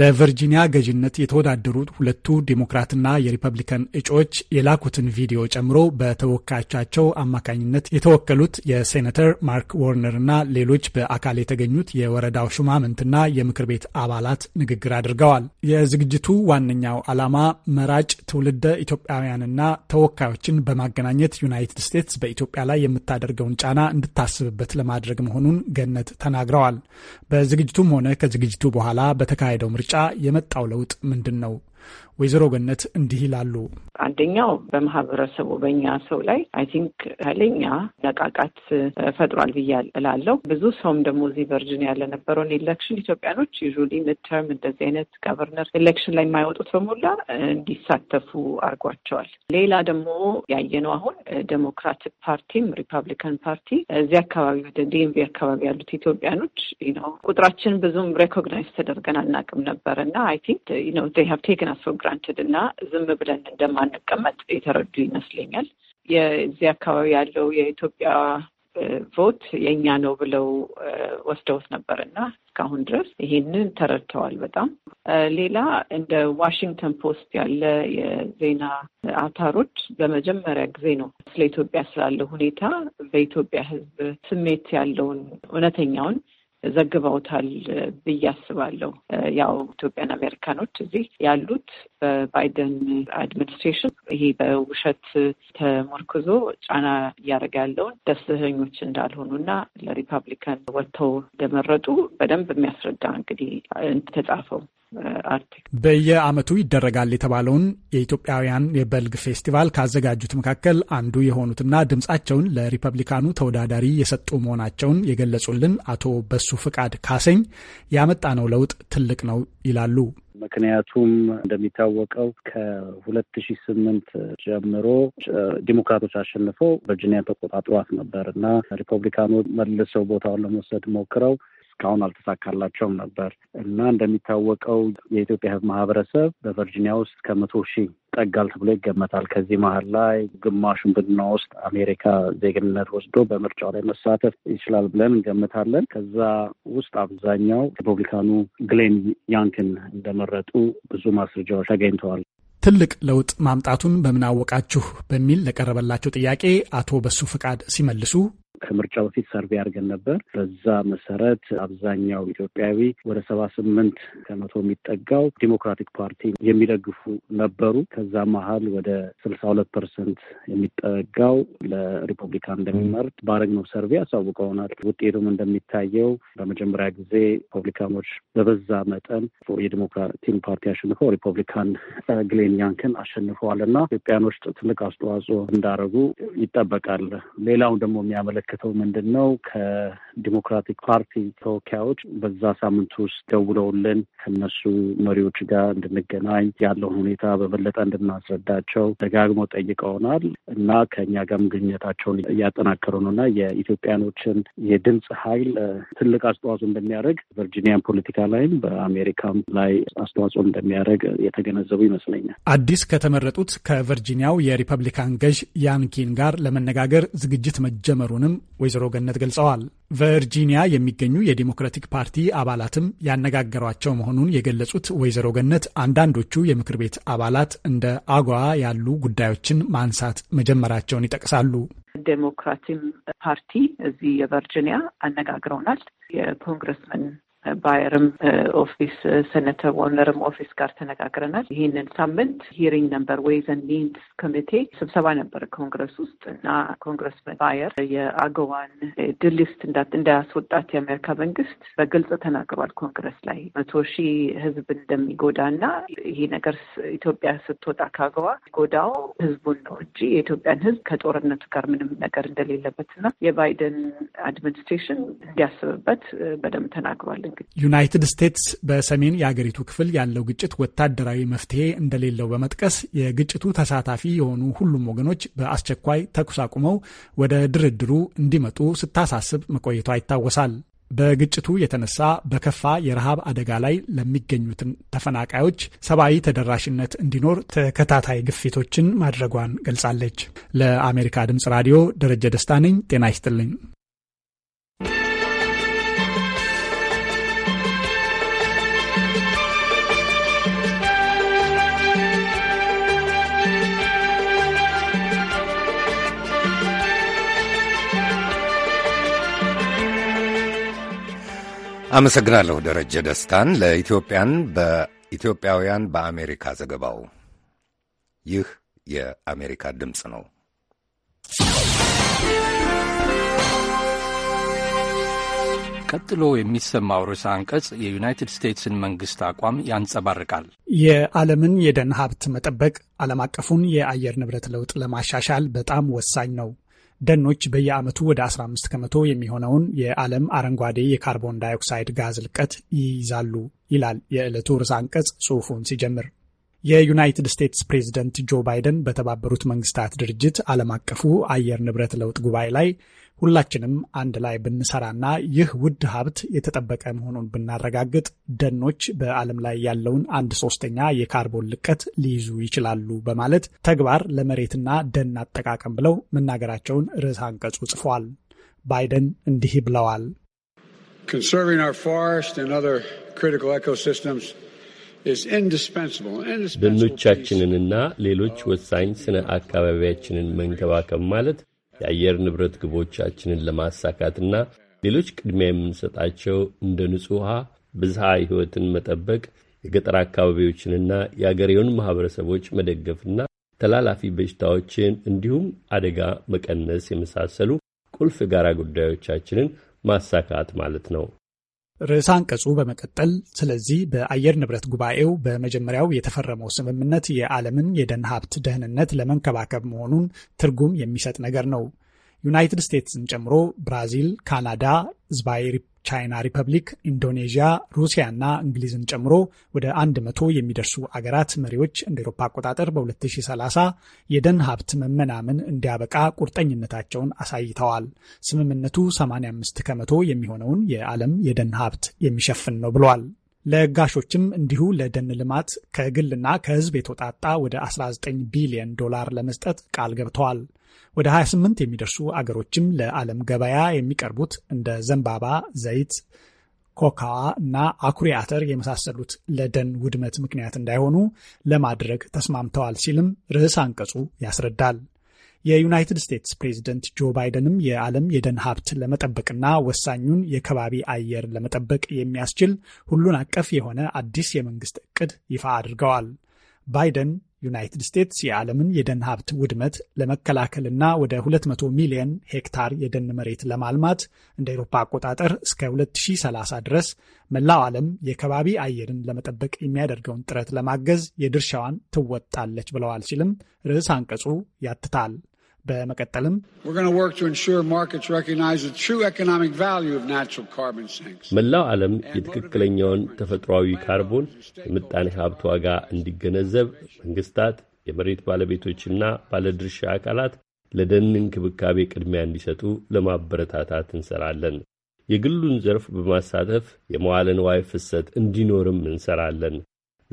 ለቨርጂኒያ ገዥነት የተወዳደሩት ሁለቱ ዴሞክራትና የሪፐብሊካን እጩዎች የላኩትን ቪዲዮ ጨምሮ በተወካዮቻቸው አማካኝነት የተወከሉት የሴኔተር ማርክ ዎርነር እና ሌሎች በአካል የተገኙት የወረዳው ሹማምንትና የምክር ቤት አባላት ንግግር አድርገዋል። የዝግጅቱ ዋነኛው ዓላማ መራጭ ትውልደ ኢትዮጵያውያንና ተወካዮችን በማገናኘት ዩናይትድ ስቴትስ በኢትዮጵያ ላይ የምታደርገውን ጫና እንድታስብበት ለማድረግ መሆኑን ገነት ተናግረዋል። በዝግጅቱም ሆነ ከዝግጅቱ በኋላ በተካሄደው ምርጫ የመጣው ለውጥ ምንድን ነው? ወይዘሮ ገነት እንዲህ ይላሉ። አንደኛው በማህበረሰቡ በእኛ ሰው ላይ አይ ቲንክ ኃይለኛ ነቃቃት ፈጥሯል ብዬ እላለሁ። ብዙ ሰውም ደግሞ እዚህ ቨርጂኒያ ለነበረውን ኤሌክሽን ኢትዮጵያኖች ዩዥዋሊ ሚድተርም እንደዚህ አይነት ገቨርነር ኤሌክሽን ላይ የማይወጡት በሞላ እንዲሳተፉ አድርጓቸዋል። ሌላ ደግሞ ያየነው አሁን ዴሞክራቲክ ፓርቲም ሪፐብሊካን ፓርቲ እዚህ አካባቢ ዲኤምቪ አካባቢ ያሉት ኢትዮጵያኖች ነው ቁጥራችን ብዙም ሬኮግናይዝ ተደርገን አናውቅም ነበር እና አይ ቲንክ ነው ቴክን አስ ብራንችድ እና ዝም ብለን እንደማንቀመጥ የተረዱ ይመስለኛል። የዚህ አካባቢ ያለው የኢትዮጵያ ቮት የእኛ ነው ብለው ወስደውት ነበር እና እስካሁን ድረስ ይሄንን ተረድተዋል። በጣም ሌላ እንደ ዋሽንግተን ፖስት ያለ የዜና አውታሮች በመጀመሪያ ጊዜ ነው ስለ ኢትዮጵያ ስላለው ሁኔታ በኢትዮጵያ ሕዝብ ስሜት ያለውን እውነተኛውን ዘግበውታል ብዬ አስባለሁ። ያው ኢትዮጵያን አሜሪካኖች እዚህ ያሉት በባይደን አድሚኒስትሬሽን ይሄ በውሸት ተሞርክዞ ጫና እያደረገ ያለውን ደስተኞች እንዳልሆኑ እና ለሪፐብሊካን ወጥተው እንደመረጡ በደንብ የሚያስረዳ እንግዲህ ተጻፈው በየአመቱ በየዓመቱ ይደረጋል የተባለውን የኢትዮጵያውያን የበልግ ፌስቲቫል ካዘጋጁት መካከል አንዱ የሆኑትና ድምፃቸውን ለሪፐብሊካኑ ተወዳዳሪ የሰጡ መሆናቸውን የገለጹልን አቶ በሱ ፍቃድ ካሰኝ ያመጣነው ለውጥ ትልቅ ነው ይላሉ። ምክንያቱም እንደሚታወቀው ከሁለት ሺ ስምንት ጀምሮ ዲሞክራቶች አሸንፈው ቨርጂኒያ ተቆጣጥሯት ነበር እና ሪፐብሊካኑ መልሰው ቦታውን ለመውሰድ ሞክረው እስካሁን አልተሳካላቸውም ነበር እና እንደሚታወቀው የኢትዮጵያ ሕዝብ ማህበረሰብ በቨርጂኒያ ውስጥ ከመቶ ሺህ ጠጋል ተብሎ ይገመታል። ከዚህ መሀል ላይ ግማሹን ብንወስድ አሜሪካ ዜግነት ወስዶ በምርጫው ላይ መሳተፍ ይችላል ብለን እንገምታለን። ከዛ ውስጥ አብዛኛው ሪፐብሊካኑ ግሌን ያንክን እንደመረጡ ብዙ ማስረጃዎች ተገኝተዋል። ትልቅ ለውጥ ማምጣቱን በምን አወቃችሁ በሚል ለቀረበላቸው ጥያቄ አቶ በሱ ፈቃድ ሲመልሱ ከምርጫ በፊት ሰርቬ አድርገን ነበር። በዛ መሰረት አብዛኛው ኢትዮጵያዊ ወደ ሰባ ስምንት ከመቶ የሚጠጋው ዲሞክራቲክ ፓርቲ የሚደግፉ ነበሩ። ከዛ መሀል ወደ ስልሳ ሁለት ፐርሰንት የሚጠጋው ለሪፐብሊካን እንደሚመርጥ ባረግነው ሰርቬ አሳውቀውናል። ውጤቱም እንደሚታየው በመጀመሪያ ጊዜ ሪፐብሊካኖች በበዛ መጠን የዲሞክራቲክ ፓርቲ አሸንፈው ሪፐብሊካን ግሌን ያንክን አሸንፈዋል እና ኢትዮጵያኖች ትልቅ አስተዋጽኦ እንዳደረጉ ይጠበቃል። ሌላውን ደግሞ የሚያመለክ የሚያመለክተው ምንድን ነው? ከዲሞክራቲክ ፓርቲ ተወካዮች በዛ ሳምንት ውስጥ ደውለውልን ከነሱ መሪዎች ጋር እንድንገናኝ ያለውን ሁኔታ በበለጠ እንድናስረዳቸው ደጋግመው ጠይቀውናል እና ከእኛ ጋርም ግንኙነታቸውን እያጠናከሩ ነው እና የኢትዮጵያኖችን የድምፅ ኃይል ትልቅ አስተዋጽኦ እንደሚያደርግ ቨርጂኒያን ፖለቲካ ላይም በአሜሪካም ላይ አስተዋጽኦ እንደሚያደርግ የተገነዘቡ ይመስለኛል። አዲስ ከተመረጡት ከቨርጂኒያው የሪፐብሊካን ገዥ ያንኪን ጋር ለመነጋገር ዝግጅት መጀመሩንም ወይዘሮ ገነት ገልጸዋል። ቨርጂኒያ የሚገኙ የዲሞክራቲክ ፓርቲ አባላትም ያነጋገሯቸው መሆኑን የገለጹት ወይዘሮ ገነት አንዳንዶቹ የምክር ቤት አባላት እንደ አጓ ያሉ ጉዳዮችን ማንሳት መጀመራቸውን ይጠቅሳሉ። ዴሞክራቲም ፓርቲ እዚህ የቨርጂኒያ አነጋግረውናል። የኮንግረስመን ባየርም ኦፊስ ሴኔተር ወርነርም ኦፊስ ጋር ተነጋግረናል። ይህንን ሳምንት ሂሪንግ ነበር፣ ዌይዝ ኤንድ ሚንስ ኮሚቴ ስብሰባ ነበር ኮንግረስ ውስጥ እና ኮንግረስመን ባየር የአገዋን ድል ሊስት እንዳያስወጣት የአሜሪካ መንግስት በግልጽ ተናግሯል። ኮንግረስ ላይ መቶ ሺህ ህዝብ እንደሚጎዳ እና ይሄ ነገር ኢትዮጵያ ስትወጣ ከአገዋ ጎዳው ህዝቡን ነው እንጂ የኢትዮጵያን ህዝብ ከጦርነቱ ጋር ምንም ነገር እንደሌለበት እና የባይደን አድሚኒስትሬሽን እንዲያስብበት በደንብ ተናግሯል። ዩናይትድ ስቴትስ በሰሜን የአገሪቱ ክፍል ያለው ግጭት ወታደራዊ መፍትሄ እንደሌለው በመጥቀስ የግጭቱ ተሳታፊ የሆኑ ሁሉም ወገኖች በአስቸኳይ ተኩስ አቁመው ወደ ድርድሩ እንዲመጡ ስታሳስብ መቆየቷ ይታወሳል። በግጭቱ የተነሳ በከፋ የረሃብ አደጋ ላይ ለሚገኙትን ተፈናቃዮች ሰብአዊ ተደራሽነት እንዲኖር ተከታታይ ግፊቶችን ማድረጓን ገልጻለች። ለአሜሪካ ድምጽ ራዲዮ ደረጀ ደስታ ነኝ። ጤና ይስጥልኝ። አመሰግናለሁ ደረጀ ደስታን ለኢትዮጵያን በኢትዮጵያውያን በአሜሪካ ዘገባው። ይህ የአሜሪካ ድምፅ ነው። ቀጥሎ የሚሰማው ርዕሰ አንቀጽ የዩናይትድ ስቴትስን መንግስት አቋም ያንጸባርቃል። የዓለምን የደን ሀብት መጠበቅ ዓለም አቀፉን የአየር ንብረት ለውጥ ለማሻሻል በጣም ወሳኝ ነው። ደኖች በየዓመቱ ወደ 15 ከመቶ የሚሆነውን የዓለም አረንጓዴ የካርቦን ዳይኦክሳይድ ጋዝ ልቀት ይይዛሉ ይላል የዕለቱ ርዕሰ አንቀጽ ጽሑፉን ሲጀምር። የዩናይትድ ስቴትስ ፕሬዚደንት ጆ ባይደን በተባበሩት መንግስታት ድርጅት ዓለም አቀፉ አየር ንብረት ለውጥ ጉባኤ ላይ ሁላችንም አንድ ላይ ብንሰራና ይህ ውድ ሀብት የተጠበቀ መሆኑን ብናረጋግጥ ደኖች በዓለም ላይ ያለውን አንድ ሶስተኛ የካርቦን ልቀት ሊይዙ ይችላሉ በማለት ተግባር ለመሬትና ደን አጠቃቀም ብለው መናገራቸውን ርዕስ አንቀጹ ጽፏል። ባይደን እንዲህ ብለዋል። ደኖቻችንንና ሌሎች ወሳኝ ስነ አካባቢያችንን መንከባከብ ማለት የአየር ንብረት ግቦቻችንን ለማሳካትና ሌሎች ቅድሚያ የምንሰጣቸው እንደ ንጹህ ውሃ፣ ብዝሃ ሕይወትን መጠበቅ፣ የገጠር አካባቢዎችንና የአገሬውን ማኅበረሰቦች መደገፍና ተላላፊ በሽታዎችን እንዲሁም አደጋ መቀነስ የመሳሰሉ ቁልፍ የጋራ ጉዳዮቻችንን ማሳካት ማለት ነው። ርዕሰ አንቀጹ በመቀጠል ስለዚህ በአየር ንብረት ጉባኤው በመጀመሪያው የተፈረመው ስምምነት የዓለምን የደን ሀብት ደህንነት ለመንከባከብ መሆኑን ትርጉም የሚሰጥ ነገር ነው ዩናይትድ ስቴትስን ጨምሮ ብራዚል፣ ካናዳ፣ ህዝባዊ ቻይና ሪፐብሊክ፣ ኢንዶኔዥያ፣ እና እንግሊዝን ጨምሮ ወደ 100 የሚደርሱ አገራት መሪዎች እንደ ኤሮፓ አቆጣጠር በ2030 የደን ሀብት መመናመን እንዲያበቃ ቁርጠኝነታቸውን አሳይተዋል። ስምምነቱ 85 ከመቶ የሚሆነውን የዓለም የደን ሀብት የሚሸፍን ነው ብሏል። ለጋሾችም እንዲሁ ለደን ልማት ከግልና ከህዝብ የተውጣጣ ወደ 19 ቢሊዮን ዶላር ለመስጠት ቃል ገብተዋል። ወደ 28 የሚደርሱ አገሮችም ለዓለም ገበያ የሚቀርቡት እንደ ዘንባባ ዘይት፣ ኮካዋ እና አኩሪ አተር የመሳሰሉት ለደን ውድመት ምክንያት እንዳይሆኑ ለማድረግ ተስማምተዋል ሲልም ርዕስ አንቀጹ ያስረዳል። የዩናይትድ ስቴትስ ፕሬዚደንት ጆ ባይደንም የዓለም የደን ሀብት ለመጠበቅና ወሳኙን የከባቢ አየር ለመጠበቅ የሚያስችል ሁሉን አቀፍ የሆነ አዲስ የመንግስት እቅድ ይፋ አድርገዋል። ባይደን ዩናይትድ ስቴትስ የዓለምን የደን ሀብት ውድመት ለመከላከልና ወደ 200 ሚሊዮን ሄክታር የደን መሬት ለማልማት እንደ ኤሮፓ አቆጣጠር እስከ 2030 ድረስ መላው ዓለም የከባቢ አየርን ለመጠበቅ የሚያደርገውን ጥረት ለማገዝ የድርሻዋን ትወጣለች ብለዋል ሲልም ርዕስ አንቀጹ ያትታል። በመቀጠልም መላው ዓለም የትክክለኛውን ተፈጥሯዊ ካርቦን የምጣኔ ሀብት ዋጋ እንዲገነዘብ መንግስታት፣ የመሬት ባለቤቶችና ባለድርሻ አካላት ለደን እንክብካቤ ቅድሚያ እንዲሰጡ ለማበረታታት እንሰራለን። የግሉን ዘርፍ በማሳተፍ የመዋለ ንዋይ ፍሰት እንዲኖርም እንሰራለን።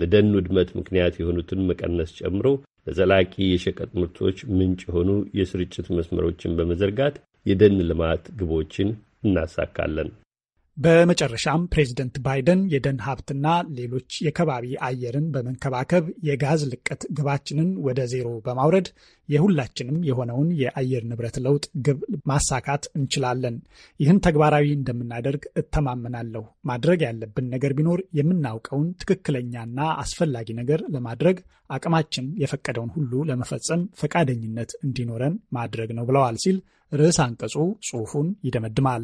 ለደን ውድመት ምክንያት የሆኑትን መቀነስ ጨምሮ ለዘላቂ የሸቀጥ ምርቶች ምንጭ የሆኑ የስርጭት መስመሮችን በመዘርጋት የደን ልማት ግቦችን እናሳካለን። በመጨረሻም ፕሬዚደንት ባይደን የደን ሀብትና ሌሎች የከባቢ አየርን በመንከባከብ የጋዝ ልቀት ግባችንን ወደ ዜሮ በማውረድ የሁላችንም የሆነውን የአየር ንብረት ለውጥ ግብ ማሳካት እንችላለን። ይህን ተግባራዊ እንደምናደርግ እተማመናለሁ። ማድረግ ያለብን ነገር ቢኖር የምናውቀውን ትክክለኛና አስፈላጊ ነገር ለማድረግ አቅማችን የፈቀደውን ሁሉ ለመፈጸም ፈቃደኝነት እንዲኖረን ማድረግ ነው ብለዋል ሲል ርዕስ አንቀጹ ጽሑፉን ይደመድማል።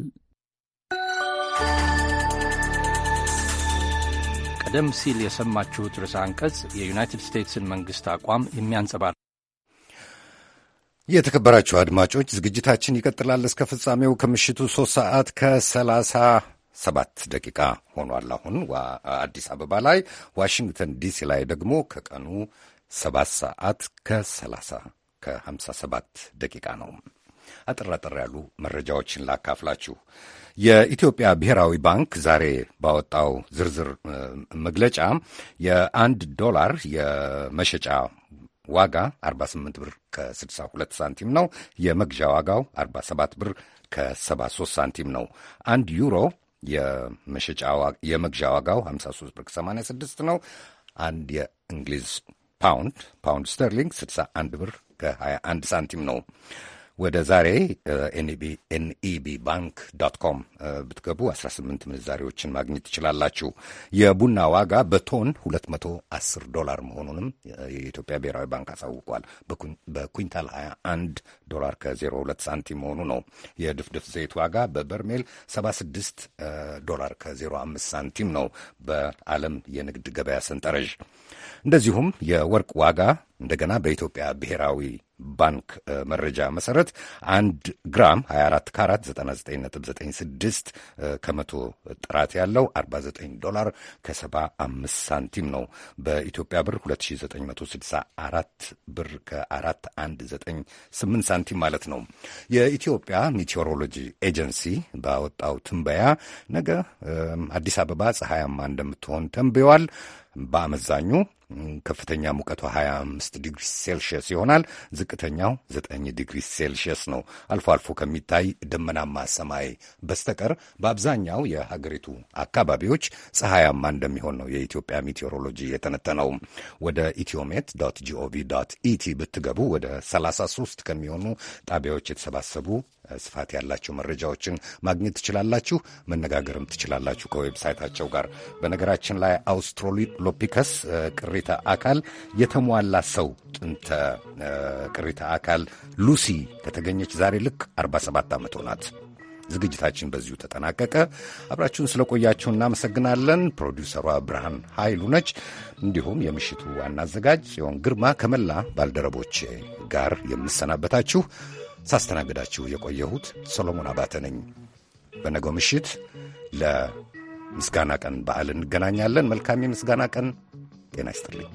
ቀደም ሲል የሰማችሁት ርዕሰ አንቀጽ የዩናይትድ ስቴትስን መንግስት አቋም የሚያንጸባርቅ የተከበራችሁ አድማጮች ዝግጅታችን ይቀጥላል እስከ ፍጻሜው ከምሽቱ ሶስት ሰዓት ከሰላሳ ሰባት ደቂቃ ሆኗል። አሁን አዲስ አበባ ላይ፣ ዋሽንግተን ዲሲ ላይ ደግሞ ከቀኑ ሰባት ሰዓት ከሰላሳ ከሀምሳ ሰባት ደቂቃ ነው። አጠር አጠር ያሉ መረጃዎችን ላካፍላችሁ። የኢትዮጵያ ብሔራዊ ባንክ ዛሬ ባወጣው ዝርዝር መግለጫ የአንድ ዶላር የመሸጫ ዋጋ 48 ብር ከ62 ሳንቲም ነው። የመግዣ ዋጋው 47 ብር ከ73 ሳንቲም ነው። አንድ ዩሮ የመግዣ ዋጋው 53 ብር ከ86 ነው። አንድ የእንግሊዝ ፓውንድ ፓውንድ ስተርሊንግ 61 ብር ከ21 ሳንቲም ነው። ወደ ዛሬ ኤንኢቢ ባንክ ዶት ኮም ብትገቡ 18 ምንዛሬዎችን ማግኘት ትችላላችሁ። የቡና ዋጋ በቶን 210 ዶላር መሆኑንም የኢትዮጵያ ብሔራዊ ባንክ አሳውቋል። በኩንታል 21 ዶላር ከ02 ሳንቲም መሆኑ ነው። የድፍድፍ ዘይት ዋጋ በበርሜል 76 ዶላር ከ05 ሳንቲም ነው። በዓለም የንግድ ገበያ ሰንጠረዥ እንደዚሁም የወርቅ ዋጋ እንደገና በኢትዮጵያ ብሔራዊ ባንክ መረጃ መሰረት አንድ ግራም 24 ካራት 99.96 ከመቶ ጥራት ያለው 49 ዶላር ከ75 ሳንቲም ነው። በኢትዮጵያ ብር 2964 ብር ከ4198 ሳንቲም ማለት ነው። የኢትዮጵያ ሜቴዎሮሎጂ ኤጀንሲ ባወጣው ትንበያ ነገ አዲስ አበባ ፀሐያማ እንደምትሆን ተንብየዋል። በአመዛኙ ከፍተኛ ሙቀቱ 25 ዲግሪ ሴልሽየስ ይሆናል። ዝቅተኛው 9 ዲግሪ ሴልሽየስ ነው። አልፎ አልፎ ከሚታይ ደመናማ ሰማይ በስተቀር በአብዛኛው የሀገሪቱ አካባቢዎች ፀሐያማ እንደሚሆን ነው የኢትዮጵያ ሚቴዎሮሎጂ የተነተነው። ወደ ኢትዮሜት ጂኦቪ ኢቲ ብትገቡ ወደ 33 ከሚሆኑ ጣቢያዎች የተሰባሰቡ ስፋት ያላቸው መረጃዎችን ማግኘት ትችላላችሁ። መነጋገርም ትችላላችሁ ከዌብሳይታቸው ጋር። በነገራችን ላይ አውስትሮሎፒከስ ቅሪተ አካል የተሟላ ሰው ጥንተ ቅሪተ አካል ሉሲ ከተገኘች ዛሬ ልክ 47 ዓመት ሆናት። ዝግጅታችን በዚሁ ተጠናቀቀ። አብራችሁን ስለቆያችሁ እናመሰግናለን። ፕሮዲውሰሯ ብርሃን ኃይሉ ነች። እንዲሁም የምሽቱ ዋና አዘጋጅ ጽዮን ግርማ ከመላ ባልደረቦቼ ጋር የምሰናበታችሁ ሳስተናግዳችሁ የቆየሁት ሰሎሞን አባተ ነኝ። በነገው ምሽት ለምስጋና ቀን በዓል እንገናኛለን። መልካም የምስጋና ቀን። ጤና ይስጥልኝ።